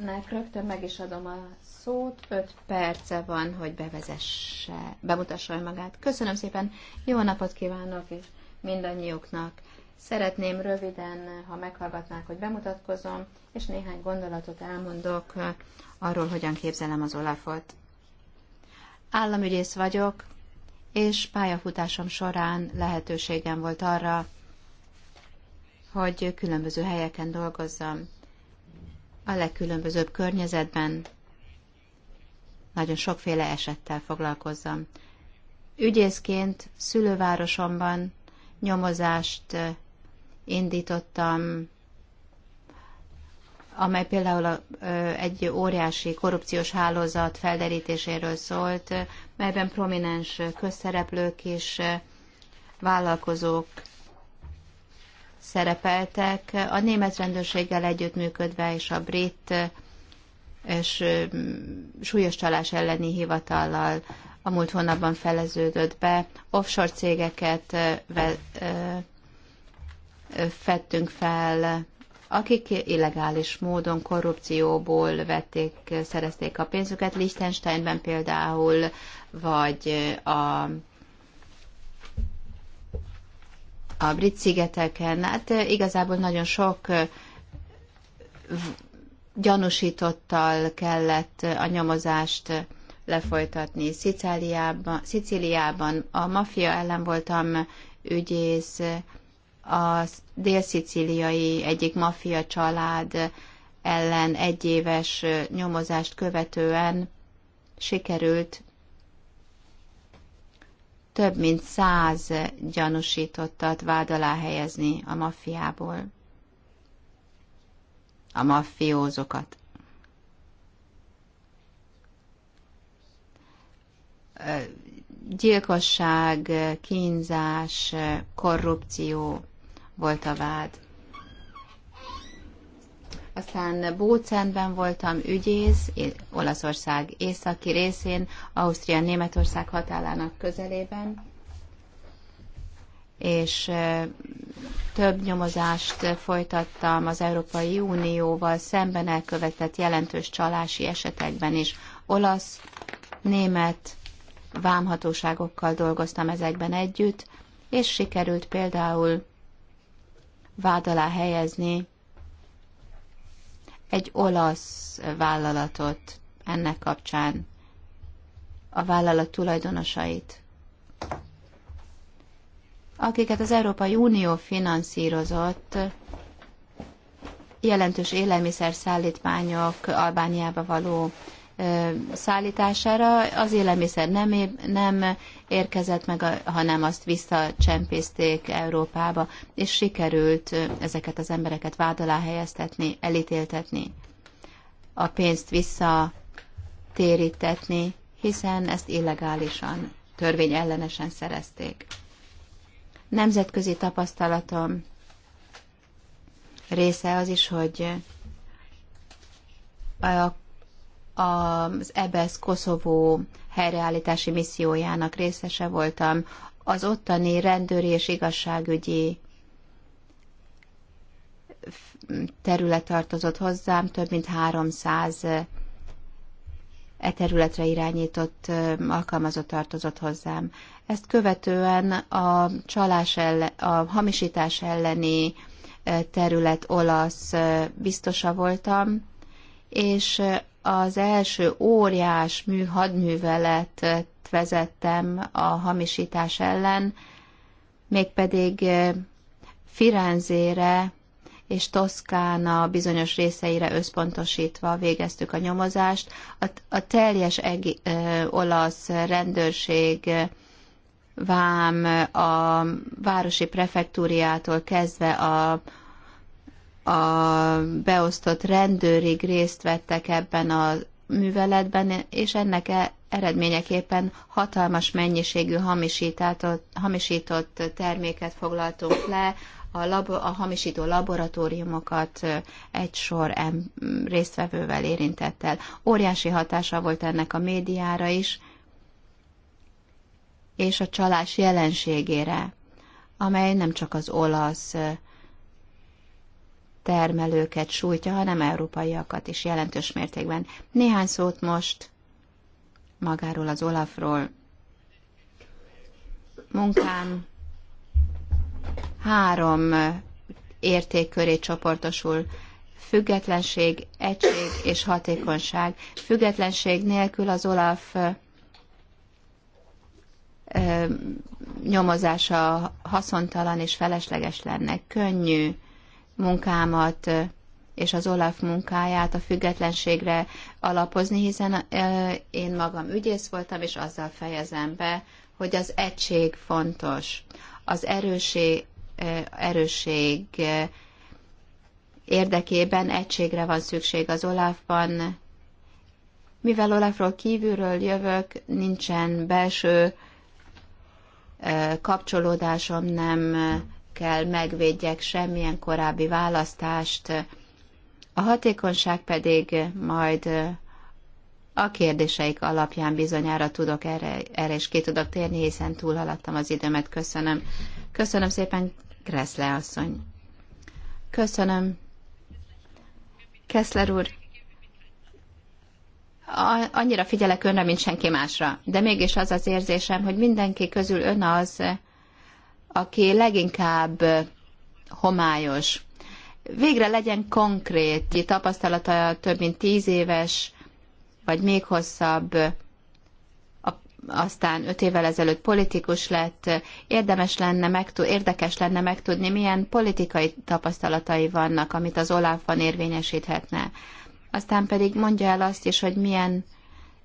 Nek rögtön meg is adom a szót, Öt perce van, hogy bevezesse, bemutassa magát. Köszönöm szépen, jó napot kívánok és mindannyiuknak. Szeretném röviden, ha meghallgatnák, hogy bemutatkozom, és néhány gondolatot elmondok arról, hogyan képzelem az Olafot. Államügyész vagyok, és pályafutásom során lehetőségem volt arra, hogy különböző helyeken dolgozzam, a legkülönbözőbb környezetben, nagyon sokféle esettel foglalkozzam. Ügyészként szülővárosomban nyomozást indítottam amely például egy óriási korrupciós hálózat felderítéséről szólt, melyben prominens közszereplők és vállalkozók szerepeltek, a német rendőrséggel együttműködve és a brit és súlyos csalás elleni hivatallal a múlt hónapban feleződött be, offshore cégeket vettünk fel, akik illegális módon korrupcióból vették, szerezték a pénzüket, Liechtensteinben például, vagy a a brit szigeteken, hát igazából nagyon sok gyanúsítottal kellett a nyomozást lefolytatni. Szicíliában, a maffia ellen voltam ügyész, a dél-szicíliai egyik maffia család ellen egyéves nyomozást követően sikerült több mint száz gyanúsítottat vád alá helyezni a maffiából. A maffiózokat. Gyilkosság, kínzás, korrupció, volt a vád. Aztán Bócenben voltam ügyész, Olaszország északi részén, Ausztria-Németország határának közelében, és több nyomozást folytattam az Európai Unióval szemben elkövetett jelentős csalási esetekben is. Olasz, német vámhatóságokkal dolgoztam ezekben együtt, és sikerült például vád alá helyezni egy olasz vállalatot ennek kapcsán, a vállalat tulajdonosait, akiket az Európai Unió finanszírozott, jelentős élelmiszer szállítmányok Albániába való szállítására. Az élelmiszer nem, nem érkezett meg, hanem azt visszacsempészték Európába, és sikerült ezeket az embereket vád alá helyeztetni, elítéltetni, a pénzt visszatérítetni, hiszen ezt illegálisan, törvény ellenesen szerezték. Nemzetközi tapasztalatom része az is, hogy a, az EBSZ Koszovó helyreállítási missziójának részese voltam. Az ottani rendőri és igazságügyi terület tartozott hozzám, több mint 300 e területre irányított alkalmazott tartozott hozzám. Ezt követően a csalás elle, a hamisítás elleni terület olasz biztosa voltam, és az első óriás hadművelet vezettem a hamisítás ellen, mégpedig Firenzére és Toszkána bizonyos részeire összpontosítva végeztük a nyomozást. A, a teljes egi, ö, olasz rendőrség vám a városi prefektúriától kezdve a a beosztott rendőrig részt vettek ebben a műveletben, és ennek e- eredményeképpen hatalmas mennyiségű hamisított, hamisított terméket foglaltunk le, a, labo, a hamisító laboratóriumokat egy sor résztvevővel érintett el. Óriási hatása volt ennek a médiára is, és a csalás jelenségére, amely nem csak az olasz termelőket sújtja, hanem európaiakat is jelentős mértékben. Néhány szót most magáról az Olafról. Munkám három értékköré csoportosul. Függetlenség, egység és hatékonyság. Függetlenség nélkül az Olaf nyomozása haszontalan és felesleges lenne. Könnyű munkámat és az Olaf munkáját a függetlenségre alapozni, hiszen én magam ügyész voltam, és azzal fejezem be, hogy az egység fontos. Az erőség, erőség érdekében egységre van szükség az Olafban. Mivel Olafról kívülről jövök, nincsen belső kapcsolódásom, nem kell megvédjek semmilyen korábbi választást. A hatékonyság pedig majd a kérdéseik alapján bizonyára tudok erre, erre is ki tudok térni, hiszen túlhaladtam az időmet. Köszönöm. Köszönöm szépen, Kreszle asszony. Köszönöm. Keszler úr, annyira figyelek önre, mint senki másra, de mégis az az érzésem, hogy mindenki közül ön az, aki leginkább homályos. Végre legyen konkrét tapasztalata több mint tíz éves, vagy még hosszabb, aztán öt évvel ezelőtt politikus lett, érdemes lenne megtud, érdekes lenne megtudni, milyen politikai tapasztalatai vannak, amit az Olafban érvényesíthetne. Aztán pedig mondja el azt is, hogy milyen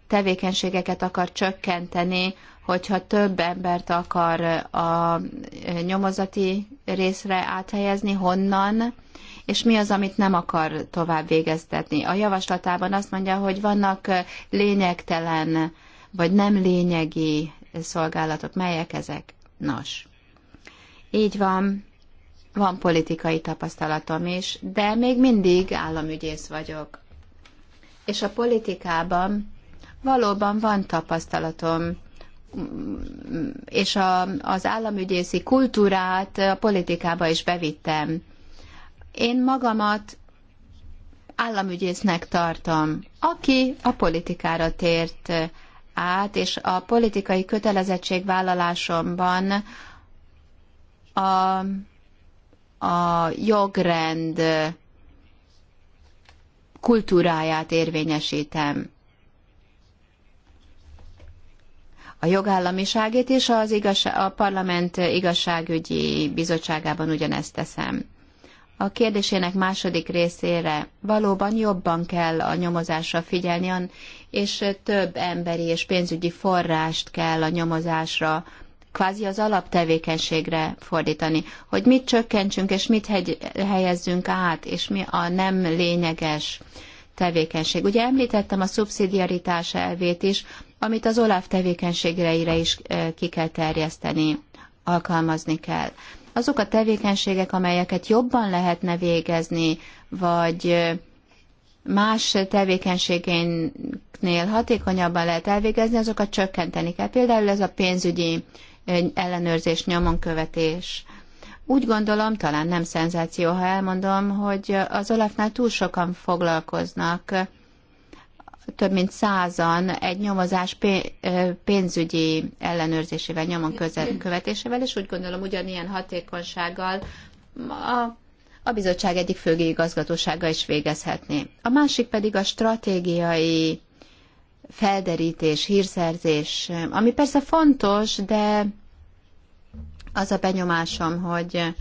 tevékenységeket akar csökkenteni, hogyha több embert akar a nyomozati részre áthelyezni, honnan, és mi az, amit nem akar tovább végeztetni. A javaslatában azt mondja, hogy vannak lényegtelen vagy nem lényegi szolgálatok. Melyek ezek? Nos. Így van, van politikai tapasztalatom is, de még mindig államügyész vagyok. És a politikában Valóban van tapasztalatom, és a, az államügyészi kultúrát a politikába is bevittem. Én magamat államügyésznek tartom, aki a politikára tért át, és a politikai kötelezettségvállalásomban a, a jogrend kultúráját érvényesítem. a jogállamiságét, és az igazság, a parlament igazságügyi bizottságában ugyanezt teszem. A kérdésének második részére valóban jobban kell a nyomozásra figyelni, és több emberi és pénzügyi forrást kell a nyomozásra, kvázi az alaptevékenységre fordítani, hogy mit csökkentsünk és mit hegy, helyezzünk át, és mi a nem lényeges tevékenység. Ugye említettem a szubszidiaritás elvét is, amit az OLAF tevékenységeire is ki kell terjeszteni, alkalmazni kell. Azok a tevékenységek, amelyeket jobban lehetne végezni, vagy más tevékenységénél hatékonyabban lehet elvégezni, azokat csökkenteni kell. Például ez a pénzügyi ellenőrzés, nyomonkövetés. Úgy gondolom, talán nem szenzáció, ha elmondom, hogy az olaf túl sokan foglalkoznak több mint százan egy nyomozás pénzügyi ellenőrzésével, nyomon követésével, és úgy gondolom ugyanilyen hatékonysággal a, a bizottság egyik igazgatósága is végezhetné. A másik pedig a stratégiai felderítés, hírszerzés, ami persze fontos, de az a benyomásom, hogy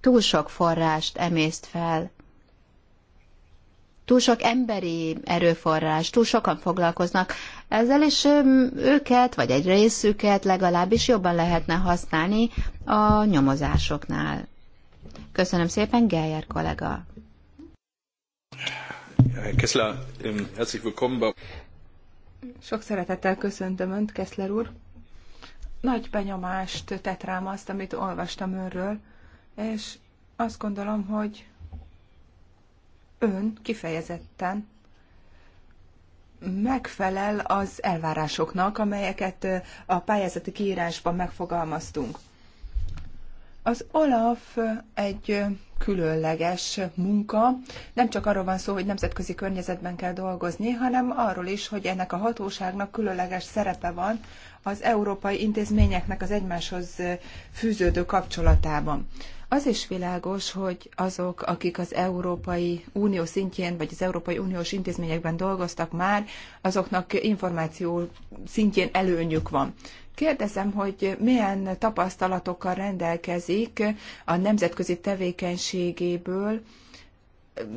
túl sok forrást emészt fel túl sok emberi erőforrás, túl sokan foglalkoznak ezzel, és őket, vagy egy részüket legalábbis jobban lehetne használni a nyomozásoknál. Köszönöm szépen, Geyer kollega. Kessler, ähm, herzlich willkommen. Sok szeretettel köszöntöm Önt, Kessler úr. Nagy benyomást tett rám azt, amit olvastam Önről, és azt gondolom, hogy ön kifejezetten megfelel az elvárásoknak, amelyeket a pályázati kiírásban megfogalmaztunk. Az OLAF egy különleges munka. Nem csak arról van szó, hogy nemzetközi környezetben kell dolgozni, hanem arról is, hogy ennek a hatóságnak különleges szerepe van az európai intézményeknek az egymáshoz fűződő kapcsolatában. Az is világos, hogy azok, akik az Európai Unió szintjén, vagy az Európai Uniós intézményekben dolgoztak már, azoknak információ szintjén előnyük van. Kérdezem, hogy milyen tapasztalatokkal rendelkezik a nemzetközi tevékenységéből,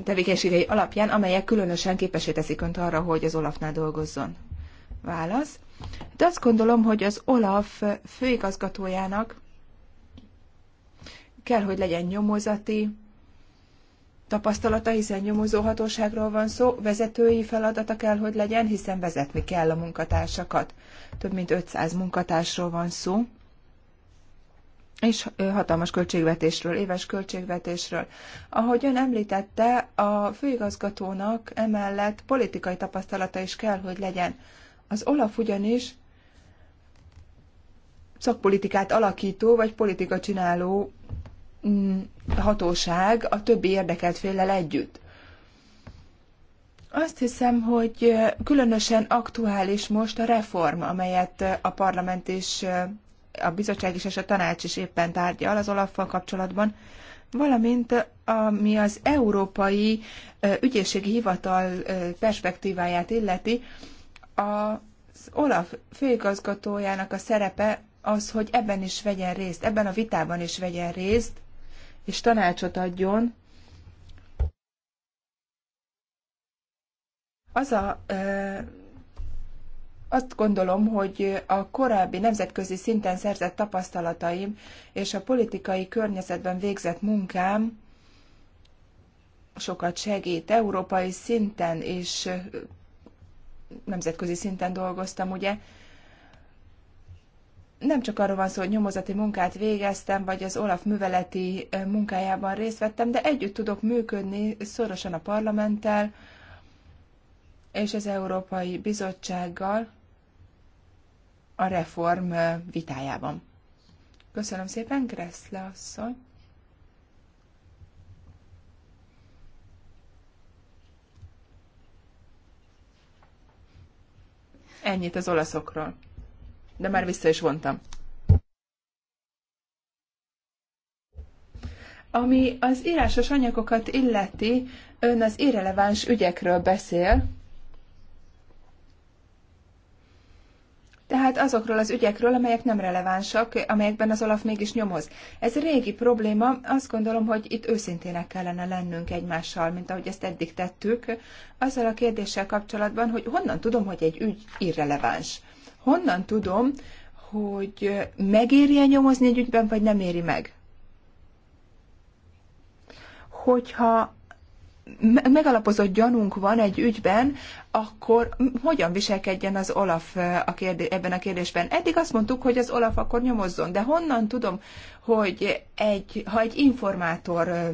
tevékenységei alapján, amelyek különösen képesé teszik önt arra, hogy az Olafnál dolgozzon. Válasz. De azt gondolom, hogy az Olaf főigazgatójának kell, hogy legyen nyomozati tapasztalata, hiszen nyomozóhatóságról van szó, vezetői feladata kell, hogy legyen, hiszen vezetni kell a munkatársakat. Több mint 500 munkatársról van szó, és hatalmas költségvetésről, éves költségvetésről. Ahogy ön említette, a főigazgatónak emellett politikai tapasztalata is kell, hogy legyen. Az Olaf ugyanis szakpolitikát alakító vagy politika csináló Mm, hatóság a többi érdekelt féllel együtt. Azt hiszem, hogy különösen aktuális most a reform, amelyet a parlament is, a bizottság is és a tanács is éppen tárgyal az olaffal kapcsolatban, valamint ami az európai ügyészségi hivatal perspektíváját illeti, az Olaf főigazgatójának a szerepe az, hogy ebben is vegyen részt, ebben a vitában is vegyen részt, és tanácsot adjon. Az a azt gondolom, hogy a korábbi nemzetközi szinten szerzett tapasztalataim és a politikai környezetben végzett munkám sokat segít. Európai szinten és nemzetközi szinten dolgoztam, ugye, nem csak arról van szó, hogy nyomozati munkát végeztem, vagy az Olaf műveleti munkájában részt vettem, de együtt tudok működni szorosan a parlamenttel és az Európai Bizottsággal a reform vitájában. Köszönöm szépen, Kreszle asszony! Ennyit az olaszokról de már vissza is vontam. Ami az írásos anyagokat illeti, ön az irreleváns ügyekről beszél, tehát azokról az ügyekről, amelyek nem relevánsak, amelyekben az Olaf mégis nyomoz. Ez régi probléma, azt gondolom, hogy itt őszintének kellene lennünk egymással, mint ahogy ezt eddig tettük, azzal a kérdéssel kapcsolatban, hogy honnan tudom, hogy egy ügy irreleváns honnan tudom, hogy megéri-e nyomozni egy ügyben, vagy nem éri meg? Hogyha megalapozott gyanunk van egy ügyben, akkor hogyan viselkedjen az Olaf eh, a kérdé- ebben a kérdésben? Eddig azt mondtuk, hogy az Olaf akkor nyomozzon, de honnan tudom, hogy egy, ha egy informátor eh,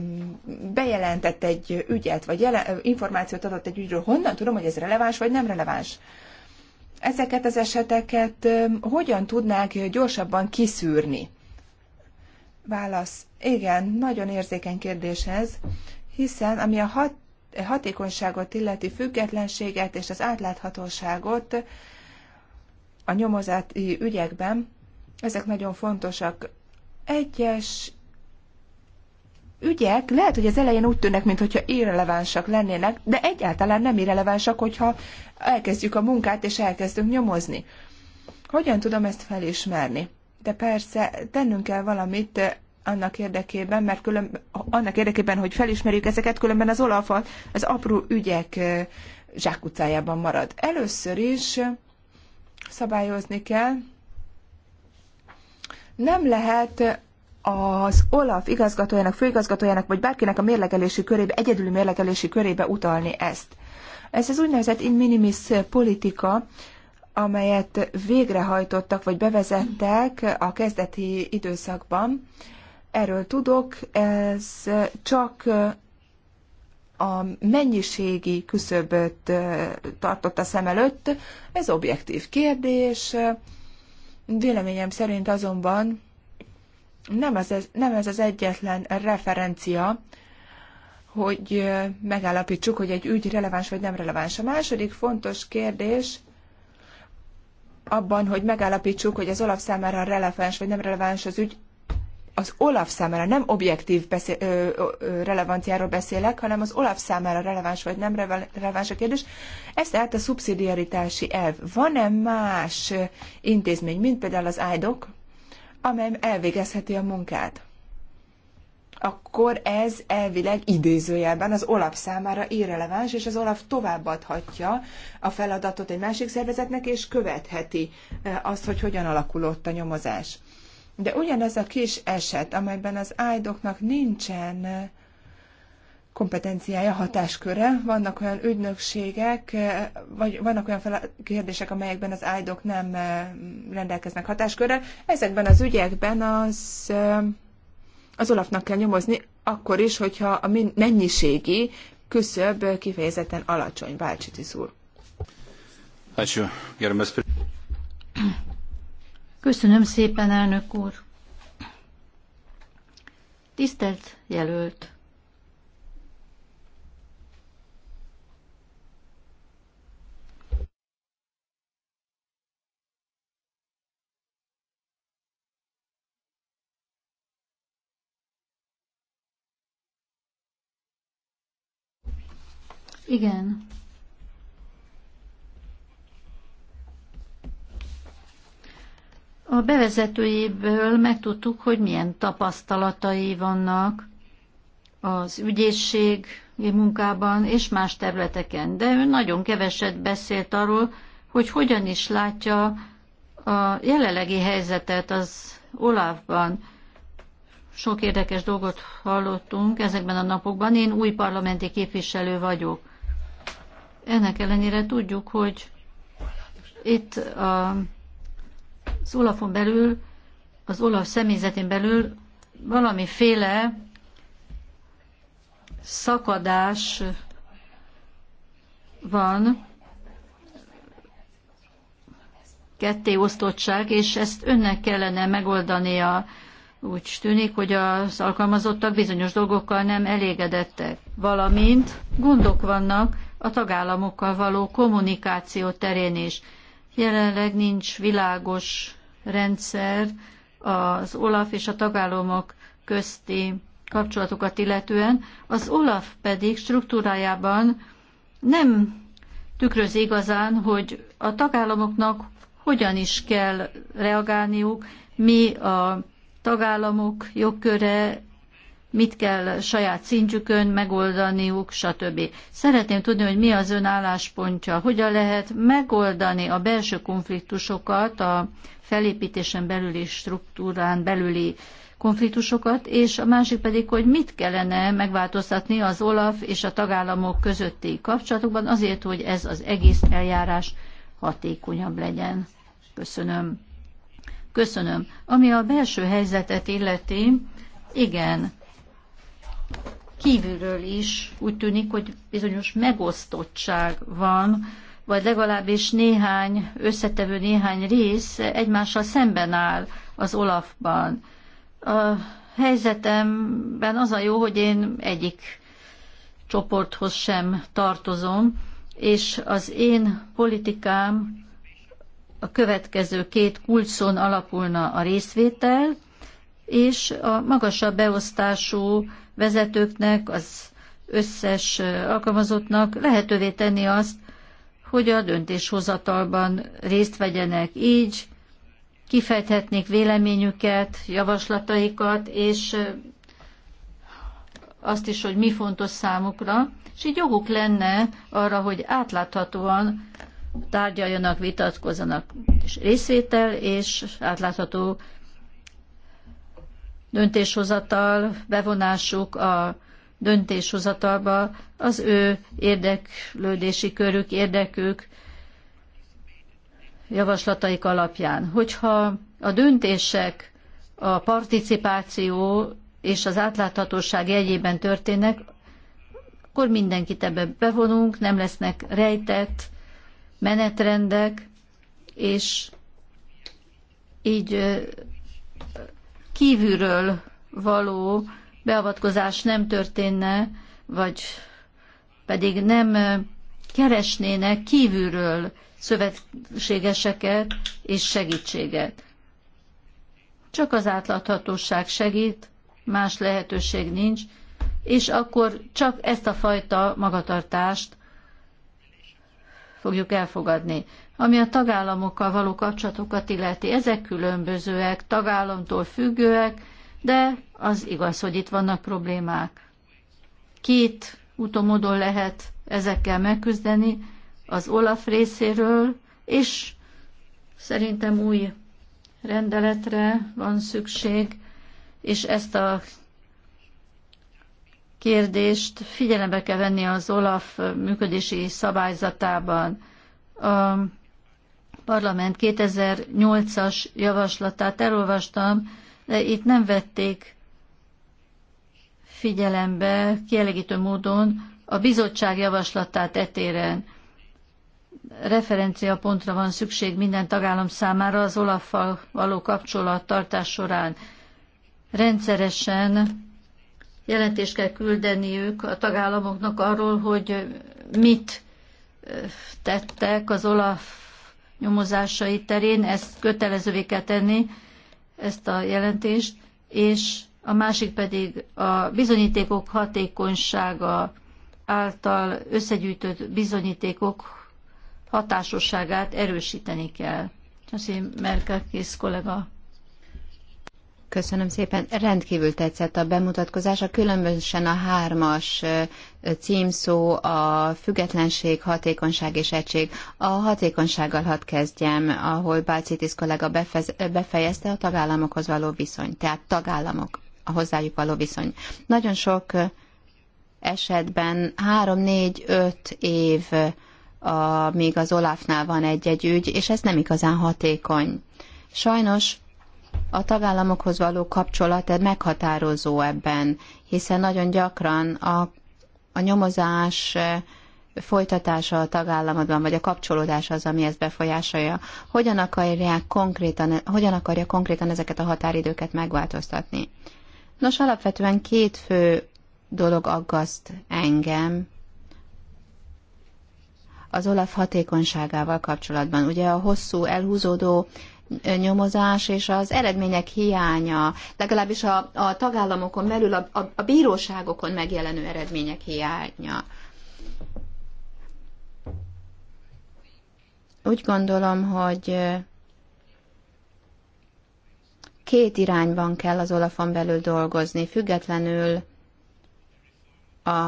bejelentett egy ügyet, vagy jelen, információt adott egy ügyről, honnan tudom, hogy ez releváns vagy nem releváns? ezeket az eseteket hogyan tudnák gyorsabban kiszűrni? Válasz. Igen, nagyon érzékeny kérdés ez, hiszen ami a hat, hatékonyságot illeti függetlenséget és az átláthatóságot a nyomozati ügyekben, ezek nagyon fontosak. Egyes ügyek lehet, hogy az elején úgy tűnnek, mintha irrelevánsak lennének, de egyáltalán nem irrelevánsak, hogyha elkezdjük a munkát és elkezdünk nyomozni. Hogyan tudom ezt felismerni? De persze tennünk kell valamit eh, annak érdekében, mert külön, annak érdekében, hogy felismerjük ezeket, különben az olafa az apró ügyek eh, zsákutcájában marad. Először is eh, szabályozni kell. Nem lehet az OLAF igazgatójának, főigazgatójának, vagy bárkinek a mérlegelési körébe, egyedüli mérlegelési körébe utalni ezt. Ez az úgynevezett in minimis politika, amelyet végrehajtottak, vagy bevezettek a kezdeti időszakban. Erről tudok, ez csak a mennyiségi küszöböt tartotta szem előtt. Ez objektív kérdés. Véleményem szerint azonban nem ez, nem ez az egyetlen referencia, hogy megállapítsuk, hogy egy ügy releváns vagy nem releváns. A második fontos kérdés abban, hogy megállapítsuk, hogy az Olaf számára releváns vagy nem releváns az ügy, az Olaf számára nem objektív beszél, ö, ö, relevanciáról beszélek, hanem az Olaf számára releváns vagy nem releváns a kérdés. Ez tehát a szubszidiaritási elv. Van-e más intézmény, mint például az IDOC, amely elvégezheti a munkát. Akkor ez elvileg idézőjelben az OLAP számára irreleváns, és az olap továbbadhatja a feladatot egy másik szervezetnek, és követheti eh, azt, hogy hogyan alakulott a nyomozás. De ugyanez a kis eset, amelyben az ájdoknak nincsen eh, kompetenciája, hatásköre. Vannak olyan ügynökségek, eh, vagy vannak olyan fel- kérdések, amelyekben az áldok nem eh, rendelkeznek hatáskörre. Ezekben az ügyekben az, eh, az Olafnak kell nyomozni, akkor is, hogyha a mennyiségi küszöb kifejezetten alacsony. Bácsitis úr. Köszönöm szépen, elnök úr. Tisztelt jelölt! Igen. A bevezetőjéből megtudtuk, hogy milyen tapasztalatai vannak az ügyészség munkában és más területeken, de ő nagyon keveset beszélt arról, hogy hogyan is látja a jelenlegi helyzetet az Olávban. Sok érdekes dolgot hallottunk ezekben a napokban. Én új parlamenti képviselő vagyok. Ennek ellenére tudjuk, hogy itt a, az Olafon belül, az Olaf személyzetén belül valamiféle szakadás van, kettéosztottság, és ezt önnek kellene megoldania úgy tűnik, hogy az alkalmazottak bizonyos dolgokkal nem elégedettek, valamint gondok vannak a tagállamokkal való kommunikáció terén is. Jelenleg nincs világos rendszer az OLAF és a tagállamok közti kapcsolatokat illetően, az OLAF pedig struktúrájában nem tükrözi igazán, hogy a tagállamoknak hogyan is kell reagálniuk, mi a tagállamok jogköre, mit kell saját szintjükön megoldaniuk, stb. Szeretném tudni, hogy mi az ön álláspontja, hogyan lehet megoldani a belső konfliktusokat, a felépítésen belüli struktúrán belüli konfliktusokat, és a másik pedig, hogy mit kellene megváltoztatni az OLAF és a tagállamok közötti kapcsolatokban azért, hogy ez az egész eljárás hatékonyabb legyen. Köszönöm. Köszönöm. Ami a belső helyzetet illeti, igen, kívülről is úgy tűnik, hogy bizonyos megosztottság van, vagy legalábbis néhány összetevő, néhány rész egymással szemben áll az Olafban. A helyzetemben az a jó, hogy én egyik csoporthoz sem tartozom, és az én politikám a következő két kulcson alapulna a részvétel, és a magasabb beosztású vezetőknek, az összes alkalmazottnak lehetővé tenni azt, hogy a döntéshozatalban részt vegyenek így, kifejthetnék véleményüket, javaslataikat, és azt is, hogy mi fontos számukra, és így joguk lenne arra, hogy átláthatóan tárgyaljanak, vitatkozzanak, és részvétel és átlátható döntéshozatal, bevonásuk a döntéshozatalba az ő érdeklődési körük, érdekük, javaslataik alapján. Hogyha a döntések a participáció és az átláthatóság jegyében történnek, akkor mindenkit ebbe bevonunk, nem lesznek rejtett menetrendek, és így kívülről való beavatkozás nem történne, vagy pedig nem keresnének kívülről szövetségeseket és segítséget. Csak az átláthatóság segít, más lehetőség nincs, és akkor csak ezt a fajta magatartást fogjuk elfogadni. Ami a tagállamokkal való kapcsolatokat illeti, ezek különbözőek, tagállamtól függőek, de az igaz, hogy itt vannak problémák. Két utomodon lehet ezekkel megküzdeni, az Olaf részéről, és szerintem új rendeletre van szükség, és ezt a kérdést figyelembe kell venni az OLAF működési szabályzatában. A parlament 2008-as javaslatát elolvastam, de itt nem vették figyelembe kielégítő módon a bizottság javaslatát etéren. Referenciapontra van szükség minden tagállam számára az olaf való kapcsolattartás során. Rendszeresen jelentést kell küldeniük a tagállamoknak arról, hogy mit tettek az Olaf nyomozásai terén, ezt kötelezővé kell tenni, ezt a jelentést, és a másik pedig a bizonyítékok hatékonysága által összegyűjtött bizonyítékok hatásosságát erősíteni kell. Köszönöm, Merkel kész kollega. Köszönöm szépen. Rendkívül tetszett a bemutatkozása, különösen a hármas címszó, a függetlenség, hatékonyság és egység. A hatékonysággal hadd kezdjem, ahol Tisz kollega befejezte a tagállamokhoz való viszony, tehát tagállamok, a hozzájuk való viszony. Nagyon sok esetben három, négy, öt év a, még az Olafnál van egy-egy ügy, és ez nem igazán hatékony. Sajnos a tagállamokhoz való kapcsolat meghatározó ebben, hiszen nagyon gyakran a, a nyomozás eh, folytatása a tagállamodban, vagy a kapcsolódás az, ami ezt befolyásolja. Hogyan, akarják konkrétan, hogyan akarja konkrétan ezeket a határidőket megváltoztatni? Nos, alapvetően két fő dolog aggaszt engem az Olaf hatékonyságával kapcsolatban. Ugye a hosszú, elhúzódó nyomozás és az eredmények hiánya, legalábbis a, a tagállamokon belül a, a, a bíróságokon megjelenő eredmények hiánya. Úgy gondolom, hogy két irányban kell az Olafon belül dolgozni, függetlenül a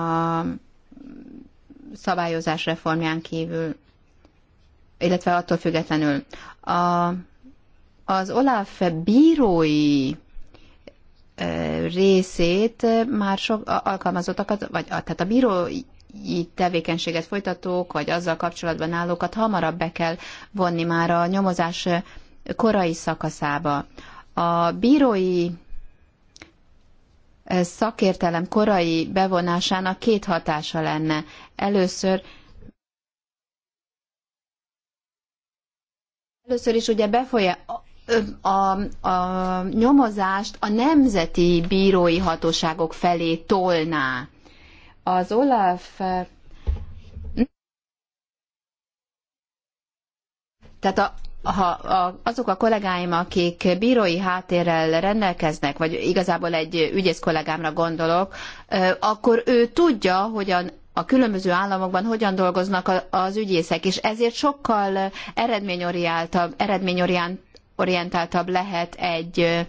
szabályozás reformján kívül, illetve attól függetlenül. A az Olaf bírói részét már sok alkalmazottakat, vagy tehát a bírói tevékenységet folytatók, vagy azzal kapcsolatban állókat hamarabb be kell vonni már a nyomozás korai szakaszába. A bírói szakértelem korai bevonásának két hatása lenne. Először Először is ugye befolyás a, a nyomozást a nemzeti bírói hatóságok felé tolná. Az Olaf tehát a, ha a, azok a kollégáim, akik bírói háttérrel rendelkeznek, vagy igazából egy ügyész kollégámra gondolok, akkor ő tudja, hogy a, a különböző államokban hogyan dolgoznak az ügyészek, és ezért sokkal eredményorientáltabb, eredményorientáltabb orientáltabb lehet egy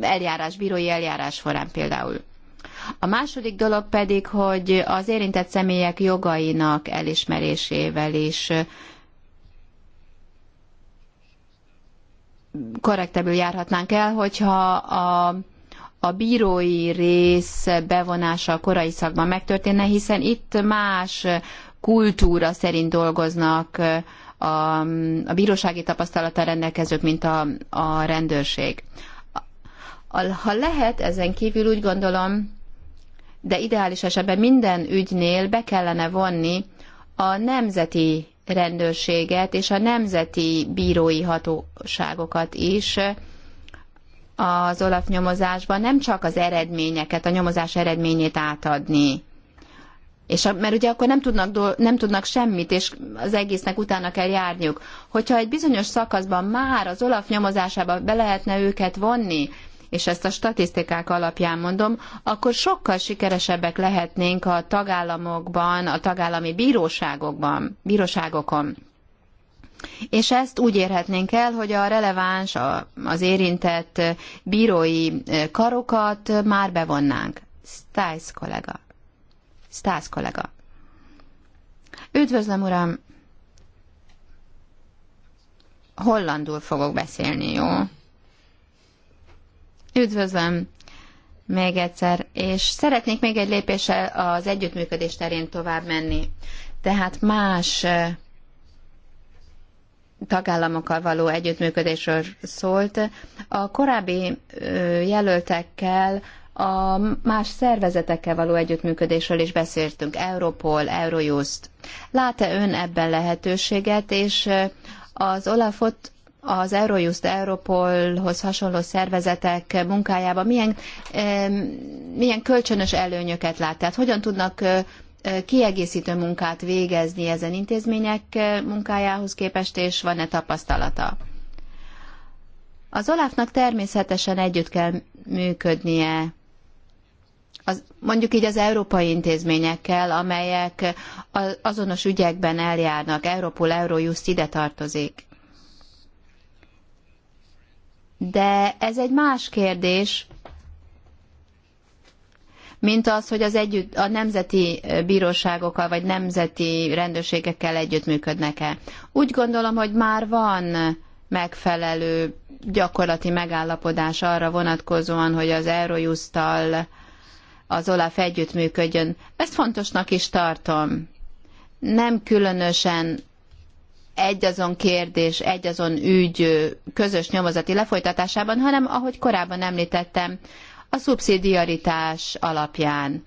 eljárás, bírói eljárás során például. A második dolog pedig, hogy az érintett személyek jogainak elismerésével is korrektebül járhatnánk el, hogyha a, a bírói rész bevonása a korai szakban megtörténne, hiszen itt más kultúra szerint dolgoznak a, a bírósági tapasztalata rendelkezők, mint a, a rendőrség. Ha lehet, ezen kívül úgy gondolom, de ideális esetben minden ügynél be kellene vonni a nemzeti rendőrséget és a nemzeti bírói hatóságokat is az Olaf nyomozásban, nem csak az eredményeket, a nyomozás eredményét átadni és a, mert ugye akkor nem tudnak, do, nem tudnak semmit, és az egésznek utána kell járniuk. Hogyha egy bizonyos szakaszban már az Olaf nyomozásába be lehetne őket vonni, és ezt a statisztikák alapján mondom, akkor sokkal sikeresebbek lehetnénk a tagállamokban, a tagállami bíróságokban, bíróságokon. És ezt úgy érhetnénk el, hogy a releváns, a, az érintett bírói eh, karokat eh, már bevonnánk. Stice kollega. Stász kollega. Üdvözlöm, uram! Hollandul fogok beszélni, jó? Üdvözlöm még egyszer, és szeretnék még egy lépéssel az együttműködés terén tovább menni. Tehát más tagállamokkal való együttműködésről szólt. A korábbi jelöltekkel a más szervezetekkel való együttműködésről is beszéltünk, Europol, Eurojust. Lát-e ön ebben lehetőséget, és az Olafot az Eurojust Europolhoz hasonló szervezetek munkájában milyen, milyen kölcsönös előnyöket lát? Tehát hogyan tudnak kiegészítő munkát végezni ezen intézmények munkájához képest, és van-e tapasztalata? Az Olafnak természetesen együtt kell működnie az, mondjuk így az európai intézményekkel, amelyek azonos ügyekben eljárnak, Europol, Eurojust ide tartozik. De ez egy más kérdés, mint az, hogy az együtt, a nemzeti bíróságokkal vagy nemzeti rendőrségekkel együttműködnek-e. Úgy gondolom, hogy már van megfelelő gyakorlati megállapodás arra vonatkozóan, hogy az Eurojust-tal az Olaf együttműködjön. Ezt fontosnak is tartom. Nem különösen egyazon kérdés, egyazon ügy közös nyomozati lefolytatásában, hanem ahogy korábban említettem, a szubszidiaritás alapján.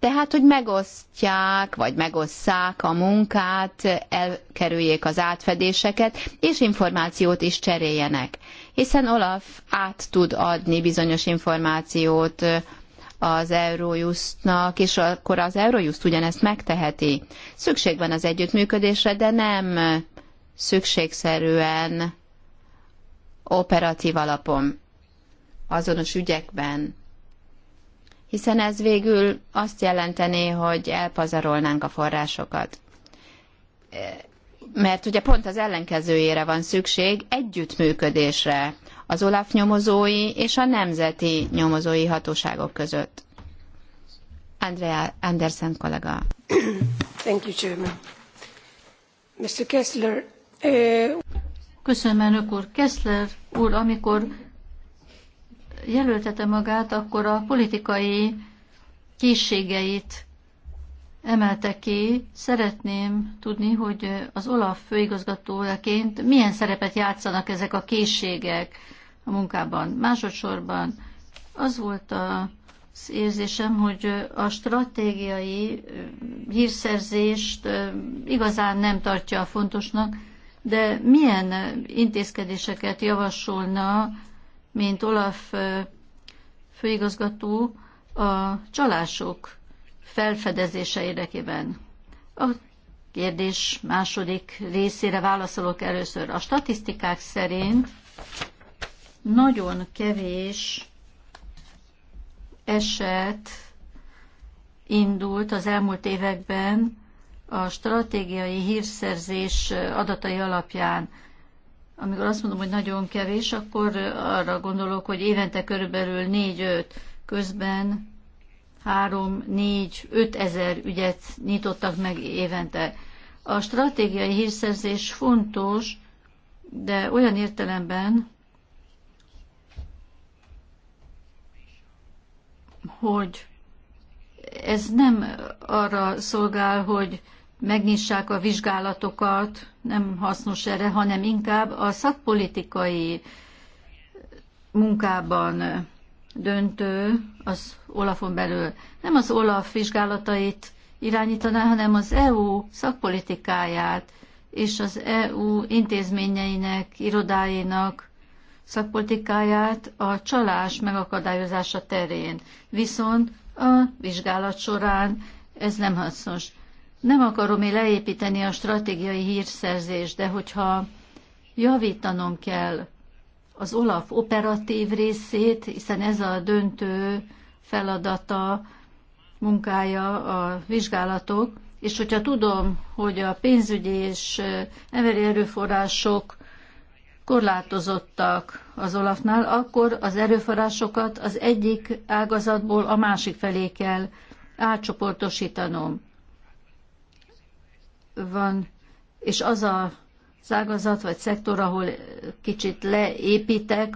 Tehát, hogy megosztják, vagy megosszák a munkát, elkerüljék az átfedéseket, és információt is cseréljenek. Hiszen Olaf át tud adni bizonyos információt az Eurojustnak, és akkor az Eurojust ugyanezt megteheti. Szükség van az együttműködésre, de nem szükségszerűen operatív alapon azonos ügyekben. Hiszen ez végül azt jelentené, hogy elpazarolnánk a forrásokat. Mert ugye pont az ellenkezőjére van szükség, együttműködésre az OLAF nyomozói és a nemzeti nyomozói hatóságok között. Andrea Andersen kollega. Thank you, Chairman. Mr. Kessler, uh... Köszönöm, elnök úr. Kessler úr, amikor jelöltette magát, akkor a politikai készségeit emelte ki. Szeretném tudni, hogy az OLAF főigazgatójaként milyen szerepet játszanak ezek a készségek a munkában. Másodszorban az volt a az érzésem, hogy a stratégiai hírszerzést igazán nem tartja fontosnak, de milyen intézkedéseket javasolna, mint Olaf főigazgató a csalások felfedezése érdekében? A kérdés második részére válaszolok először. A statisztikák szerint nagyon kevés eset indult az elmúlt években a stratégiai hírszerzés adatai alapján. Amikor azt mondom, hogy nagyon kevés, akkor arra gondolok, hogy évente körülbelül 4-5 közben 3-4-5 ezer ügyet nyitottak meg évente. A stratégiai hírszerzés fontos, de olyan értelemben, hogy ez nem arra szolgál, hogy megnyissák a vizsgálatokat, nem hasznos erre, hanem inkább a szakpolitikai munkában döntő az Olafon belül. Nem az Olaf vizsgálatait irányítaná, hanem az EU szakpolitikáját és az EU intézményeinek, irodáinak szakpolitikáját a csalás megakadályozása terén, viszont a vizsgálat során ez nem hasznos. Nem akarom én leépíteni a stratégiai hírszerzést, de hogyha javítanom kell az OLAF operatív részét, hiszen ez a döntő feladata, munkája a vizsgálatok, és hogyha tudom, hogy a pénzügyi és emberi erőforrások korlátozottak az Olafnál, akkor az erőforrásokat az egyik ágazatból a másik felé kell átcsoportosítanom. Van, és az a az ágazat vagy szektor, ahol kicsit leépítek,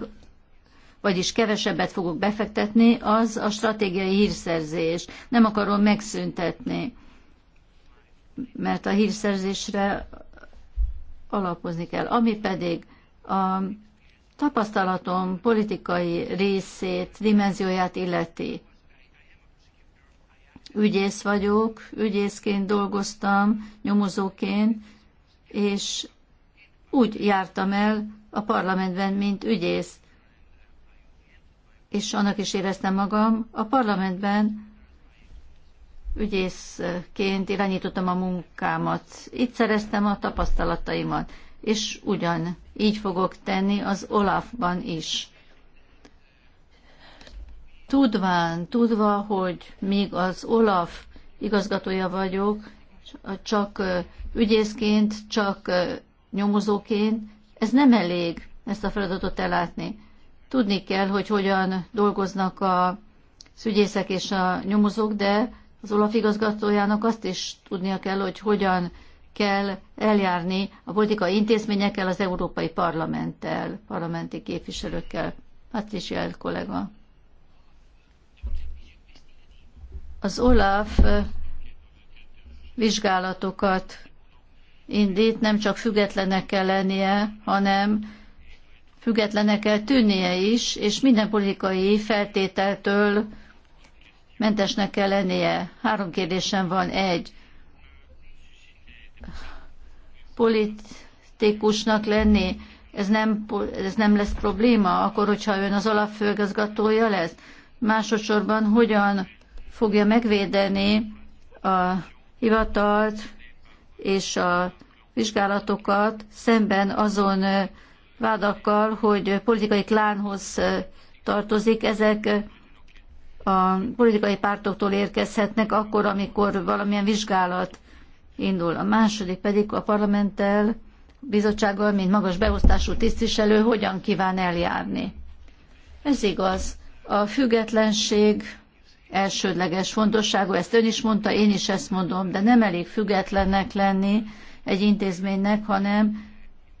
vagyis kevesebbet fogok befektetni, az a stratégiai hírszerzés. Nem akarom megszüntetni, mert a hírszerzésre alapozni kell. Ami pedig a tapasztalatom politikai részét, dimenzióját illeti. Ügyész vagyok, ügyészként dolgoztam, nyomozóként, és úgy jártam el a parlamentben, mint ügyész. És annak is éreztem magam, a parlamentben ügyészként irányítottam a munkámat. Itt szereztem a tapasztalataimat és ugyan így fogok tenni az Olafban is. Tudván, tudva, hogy még az Olaf igazgatója vagyok, csak ügyészként, csak nyomozóként, ez nem elég ezt a feladatot ellátni. Tudni kell, hogy hogyan dolgoznak a ügyészek és a nyomozók, de az Olaf igazgatójának azt is tudnia kell, hogy hogyan kell eljárni a politikai intézményekkel, az Európai Parlamenttel, parlamenti képviselőkkel. jel, kollega. Az Olaf vizsgálatokat indít, nem csak függetlenek kell lennie, hanem függetlenek kell tűnnie is, és minden politikai feltételtől mentesnek kell lennie. Három kérdésem van. Egy, politikusnak lenni, ez nem, ez nem lesz probléma, akkor, hogyha ön az alapfőgazgatója lesz? Másodszorban hogyan fogja megvédeni a hivatalt és a vizsgálatokat szemben azon vádakkal, hogy politikai klánhoz tartozik, ezek a politikai pártoktól érkezhetnek akkor, amikor valamilyen vizsgálat indul. A második pedig a parlamenttel, bizottsággal, mint magas beosztású tisztviselő hogyan kíván eljárni. Ez igaz. A függetlenség elsődleges fontosságú, ezt ön is mondta, én is ezt mondom, de nem elég függetlennek lenni egy intézménynek, hanem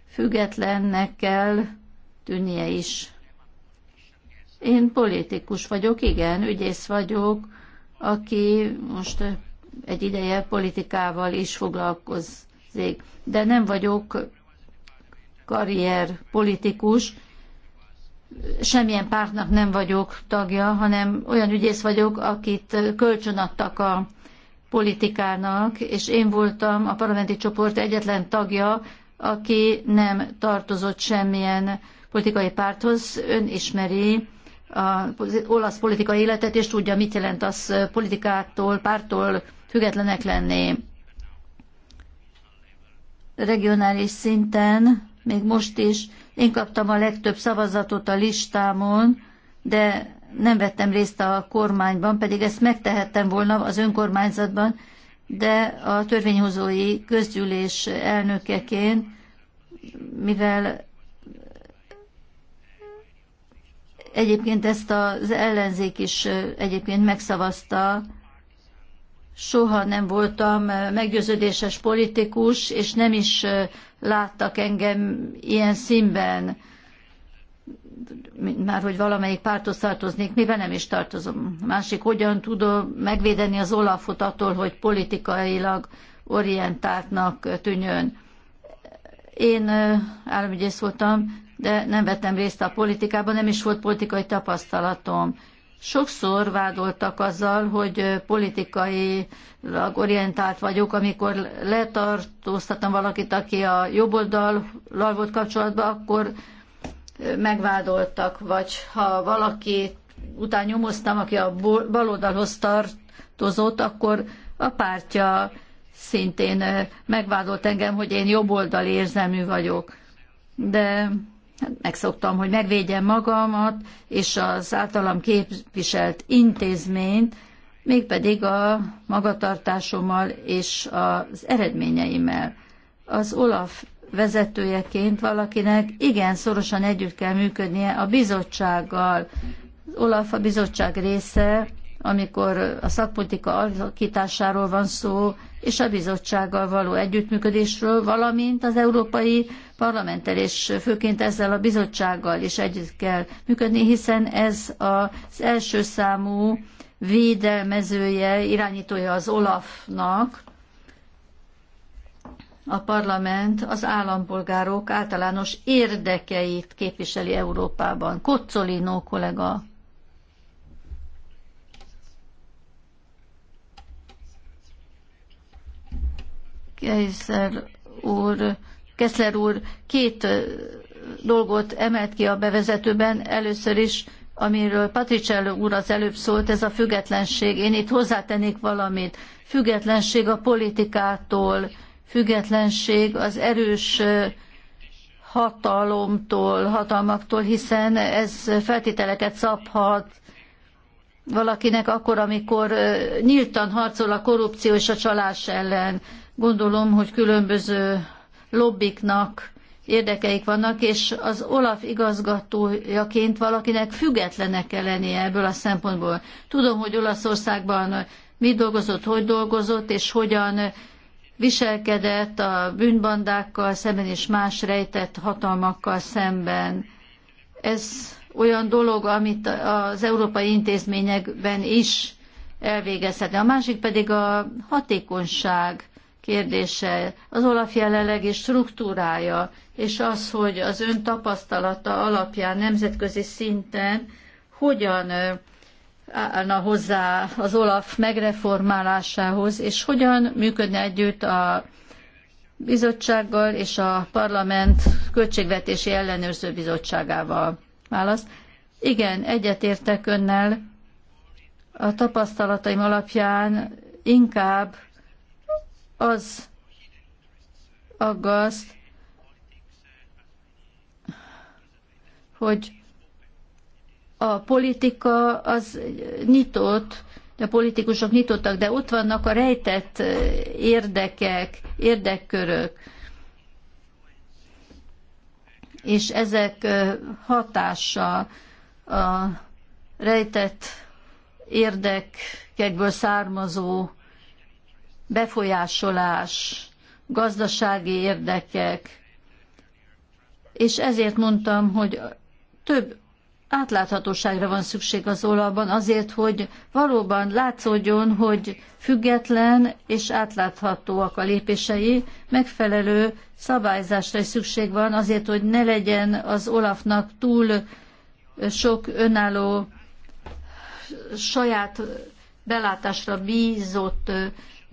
függetlennek kell tűnnie is. Én politikus vagyok, igen, ügyész vagyok, aki most egy ideje politikával is foglalkozik. De nem vagyok karrier politikus, semmilyen pártnak nem vagyok tagja, hanem olyan ügyész vagyok, akit kölcsön adtak a politikának, és én voltam a parlamenti csoport egyetlen tagja, aki nem tartozott semmilyen politikai párthoz, ön ismeri az olasz politikai életet, és tudja, mit jelent az politikától, pártól függetlenek lenni. Regionális szinten, még most is, én kaptam a legtöbb szavazatot a listámon, de nem vettem részt a kormányban, pedig ezt megtehettem volna az önkormányzatban, de a törvényhozói közgyűlés elnökeként, mivel egyébként ezt az ellenzék is egyébként megszavazta, soha nem voltam eh, meggyőződéses politikus, és nem is eh, láttak engem ilyen színben, már hogy valamelyik párthoz tartoznék, mivel nem is tartozom. A másik, hogyan tudom megvédeni az Olafot attól, hogy politikailag orientáltnak tűnjön. Én eh, államügyész voltam, de nem vettem részt a politikában, nem is volt politikai tapasztalatom sokszor vádoltak azzal, hogy politikai orientált vagyok, amikor letartóztatom valakit, aki a oldal volt kapcsolatban, akkor megvádoltak, vagy ha valaki után nyomoztam, aki a baloldalhoz tartozott, akkor a pártja szintén megvádolt engem, hogy én jobboldali érzelmű vagyok. De megszoktam, hogy megvédjem magamat és az általam képviselt intézményt, mégpedig a magatartásommal és az eredményeimmel. Az Olaf vezetőjeként valakinek igen szorosan együtt kell működnie a bizottsággal. Az Olaf a bizottság része, amikor a szakpolitika alakításáról van szó, és a bizottsággal való együttműködésről, valamint az Európai Parlamenttel, és főként ezzel a bizottsággal is együtt kell működni, hiszen ez az első számú védelmezője, irányítója az Olafnak, a parlament az állampolgárok általános érdekeit képviseli Európában. Koccolino kollega. Kessler úr, Kessler úr két dolgot emelt ki a bevezetőben. Először is, amiről Patricello úr az előbb szólt, ez a függetlenség. Én itt hozzátennék valamit. Függetlenség a politikától, függetlenség az erős hatalomtól, hatalmaktól, hiszen ez feltételeket szabhat valakinek akkor, amikor nyíltan harcol a korrupció és a csalás ellen. Gondolom, hogy különböző lobbiknak érdekeik vannak, és az Olaf igazgatójaként valakinek függetlenek kell lennie ebből a szempontból. Tudom, hogy Olaszországban mi dolgozott, hogy dolgozott, és hogyan viselkedett a bűnbandákkal szemben és más rejtett hatalmakkal szemben. Ez olyan dolog, amit az európai intézményekben is elvégezhetne. A másik pedig a hatékonyság kérdése, az Olaf jelenlegi struktúrája, és az, hogy az ön tapasztalata alapján nemzetközi szinten hogyan állna hozzá az Olaf megreformálásához, és hogyan működne együtt a bizottsággal és a parlament költségvetési ellenőrző bizottságával. Válasz. Igen, egyetértek önnel. A tapasztalataim alapján inkább az aggaszt, hogy a politika az nyitott, a politikusok nyitottak, de ott vannak a rejtett érdekek, érdekkörök, és ezek hatása a rejtett érdekekből származó befolyásolás, gazdasági érdekek, és ezért mondtam, hogy több átláthatóságra van szükség az olajban azért, hogy valóban látszódjon, hogy független és átláthatóak a lépései, megfelelő szabályzásra is szükség van azért, hogy ne legyen az Olafnak túl sok önálló saját belátásra bízott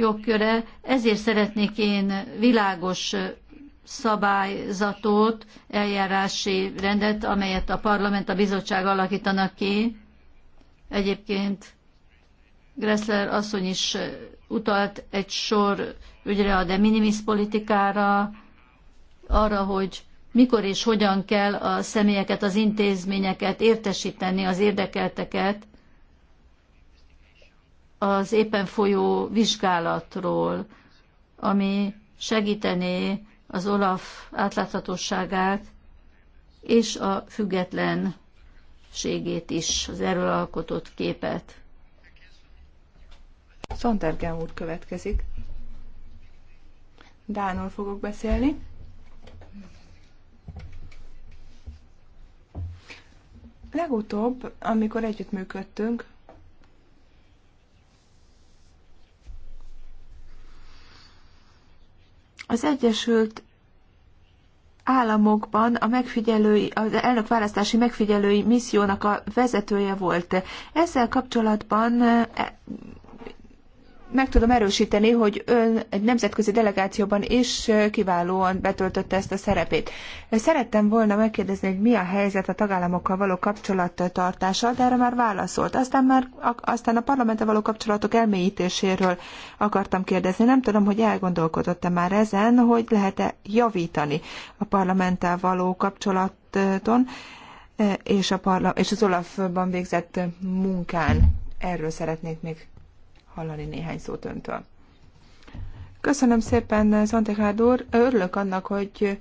jogköre, ezért szeretnék én világos szabályzatot, eljárási rendet, amelyet a parlament, a bizottság alakítanak ki. Egyébként Gressler asszony is utalt egy sor ügyre a de minimis politikára, arra, hogy mikor és hogyan kell a személyeket, az intézményeket értesíteni, az érdekelteket az éppen folyó vizsgálatról, ami segítené az Olaf átláthatóságát és a függetlenségét is, az erről alkotott képet. Szontergen úr következik. Dánul fogok beszélni. Legutóbb, amikor együttműködtünk, Az Egyesült államokban a megfigyelői, az elnökválasztási megfigyelői missziónak a vezetője volt. Ezzel kapcsolatban meg tudom erősíteni, hogy ön egy nemzetközi delegációban is kiválóan betöltötte ezt a szerepét. Szerettem volna megkérdezni, hogy mi a helyzet a tagállamokkal való kapcsolattartással, de erre már válaszolt. Aztán, már, aztán a parlamenttel való kapcsolatok elmélyítéséről akartam kérdezni. Nem tudom, hogy elgondolkodott-e már ezen, hogy lehet-e javítani a parlamenttel való kapcsolaton és, a parla- és az Olafban végzett munkán. Erről szeretnék még hallani néhány szót öntől. Köszönöm szépen, Szantikrád úr. Örülök annak, hogy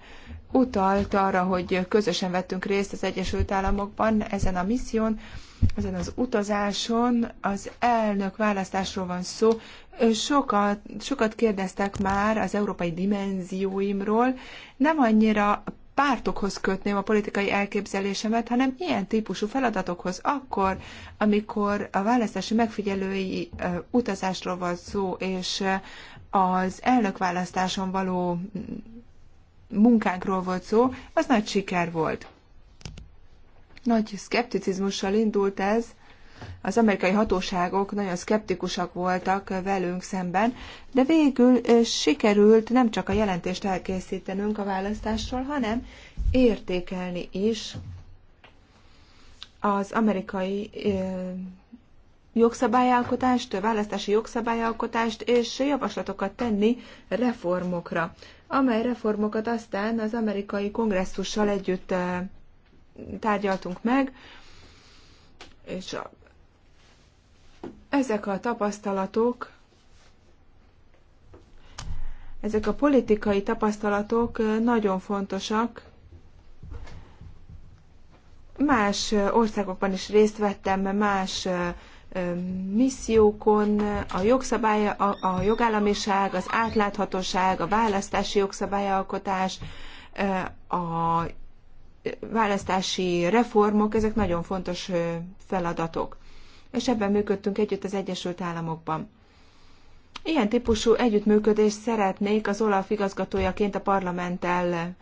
utalt arra, hogy közösen vettünk részt az Egyesült Államokban ezen a misszión, ezen az utazáson. Az elnök választásról van szó. Sokat, sokat kérdeztek már az európai dimenzióimról, nem annyira pártokhoz kötném a politikai elképzelésemet, hanem ilyen típusú feladatokhoz akkor, amikor a választási megfigyelői utazásról van szó, és az elnökválasztáson való mm, munkánkról volt szó, az nagy siker volt. Nagy szkepticizmussal indult ez, az amerikai hatóságok nagyon szkeptikusak voltak velünk szemben, de végül sikerült nem csak a jelentést elkészítenünk a választásról, hanem értékelni is az amerikai jogszabályalkotást, választási jogszabályalkotást, és javaslatokat tenni reformokra, amely reformokat aztán az amerikai kongresszussal együtt tárgyaltunk meg, és a ezek a tapasztalatok, ezek a politikai tapasztalatok nagyon fontosak. Más országokban is részt vettem, más missziókon a jogszabály, a, a jogállamiság, az átláthatóság, a választási jogszabályalkotás, a választási reformok, ezek nagyon fontos feladatok és ebben működtünk együtt az Egyesült Államokban. Ilyen típusú együttműködést szeretnék az OLAF igazgatójaként a parlamenttel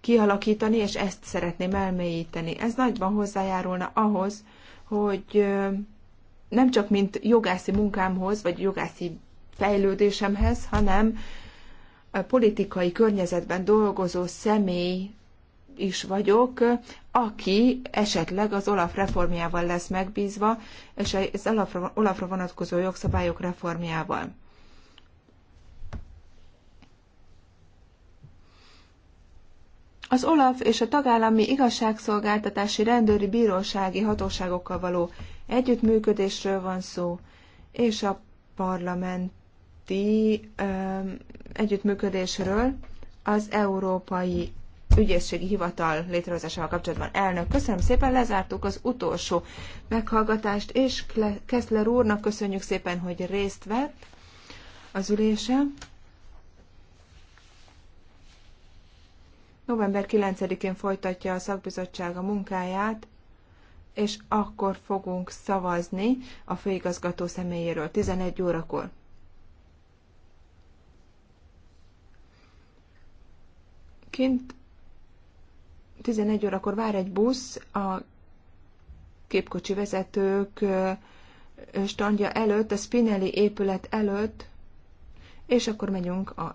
kialakítani, és ezt szeretném elmélyíteni. Ez nagyban hozzájárulna ahhoz, hogy nem csak mint jogászi munkámhoz, vagy jogászi fejlődésemhez, hanem politikai környezetben dolgozó személy is vagyok, aki esetleg az Olaf reformjával lesz megbízva, és az Olafra vonatkozó jogszabályok reformjával. Az OLAF és a tagállami igazságszolgáltatási rendőri bírósági hatóságokkal való együttműködésről van szó, és a parlamenti ö, együttműködésről az Európai ügyészségi hivatal létrehozásával kapcsolatban. Elnök, köszönöm szépen, lezártuk az utolsó meghallgatást, és Keszler úrnak köszönjük szépen, hogy részt vett az ülésen. November 9-én folytatja a szakbizottság a munkáját, és akkor fogunk szavazni a főigazgató személyéről 11 órakor. Kint 11 órakor vár egy busz a képkocsi vezetők standja előtt, a Spinelli épület előtt, és akkor megyünk a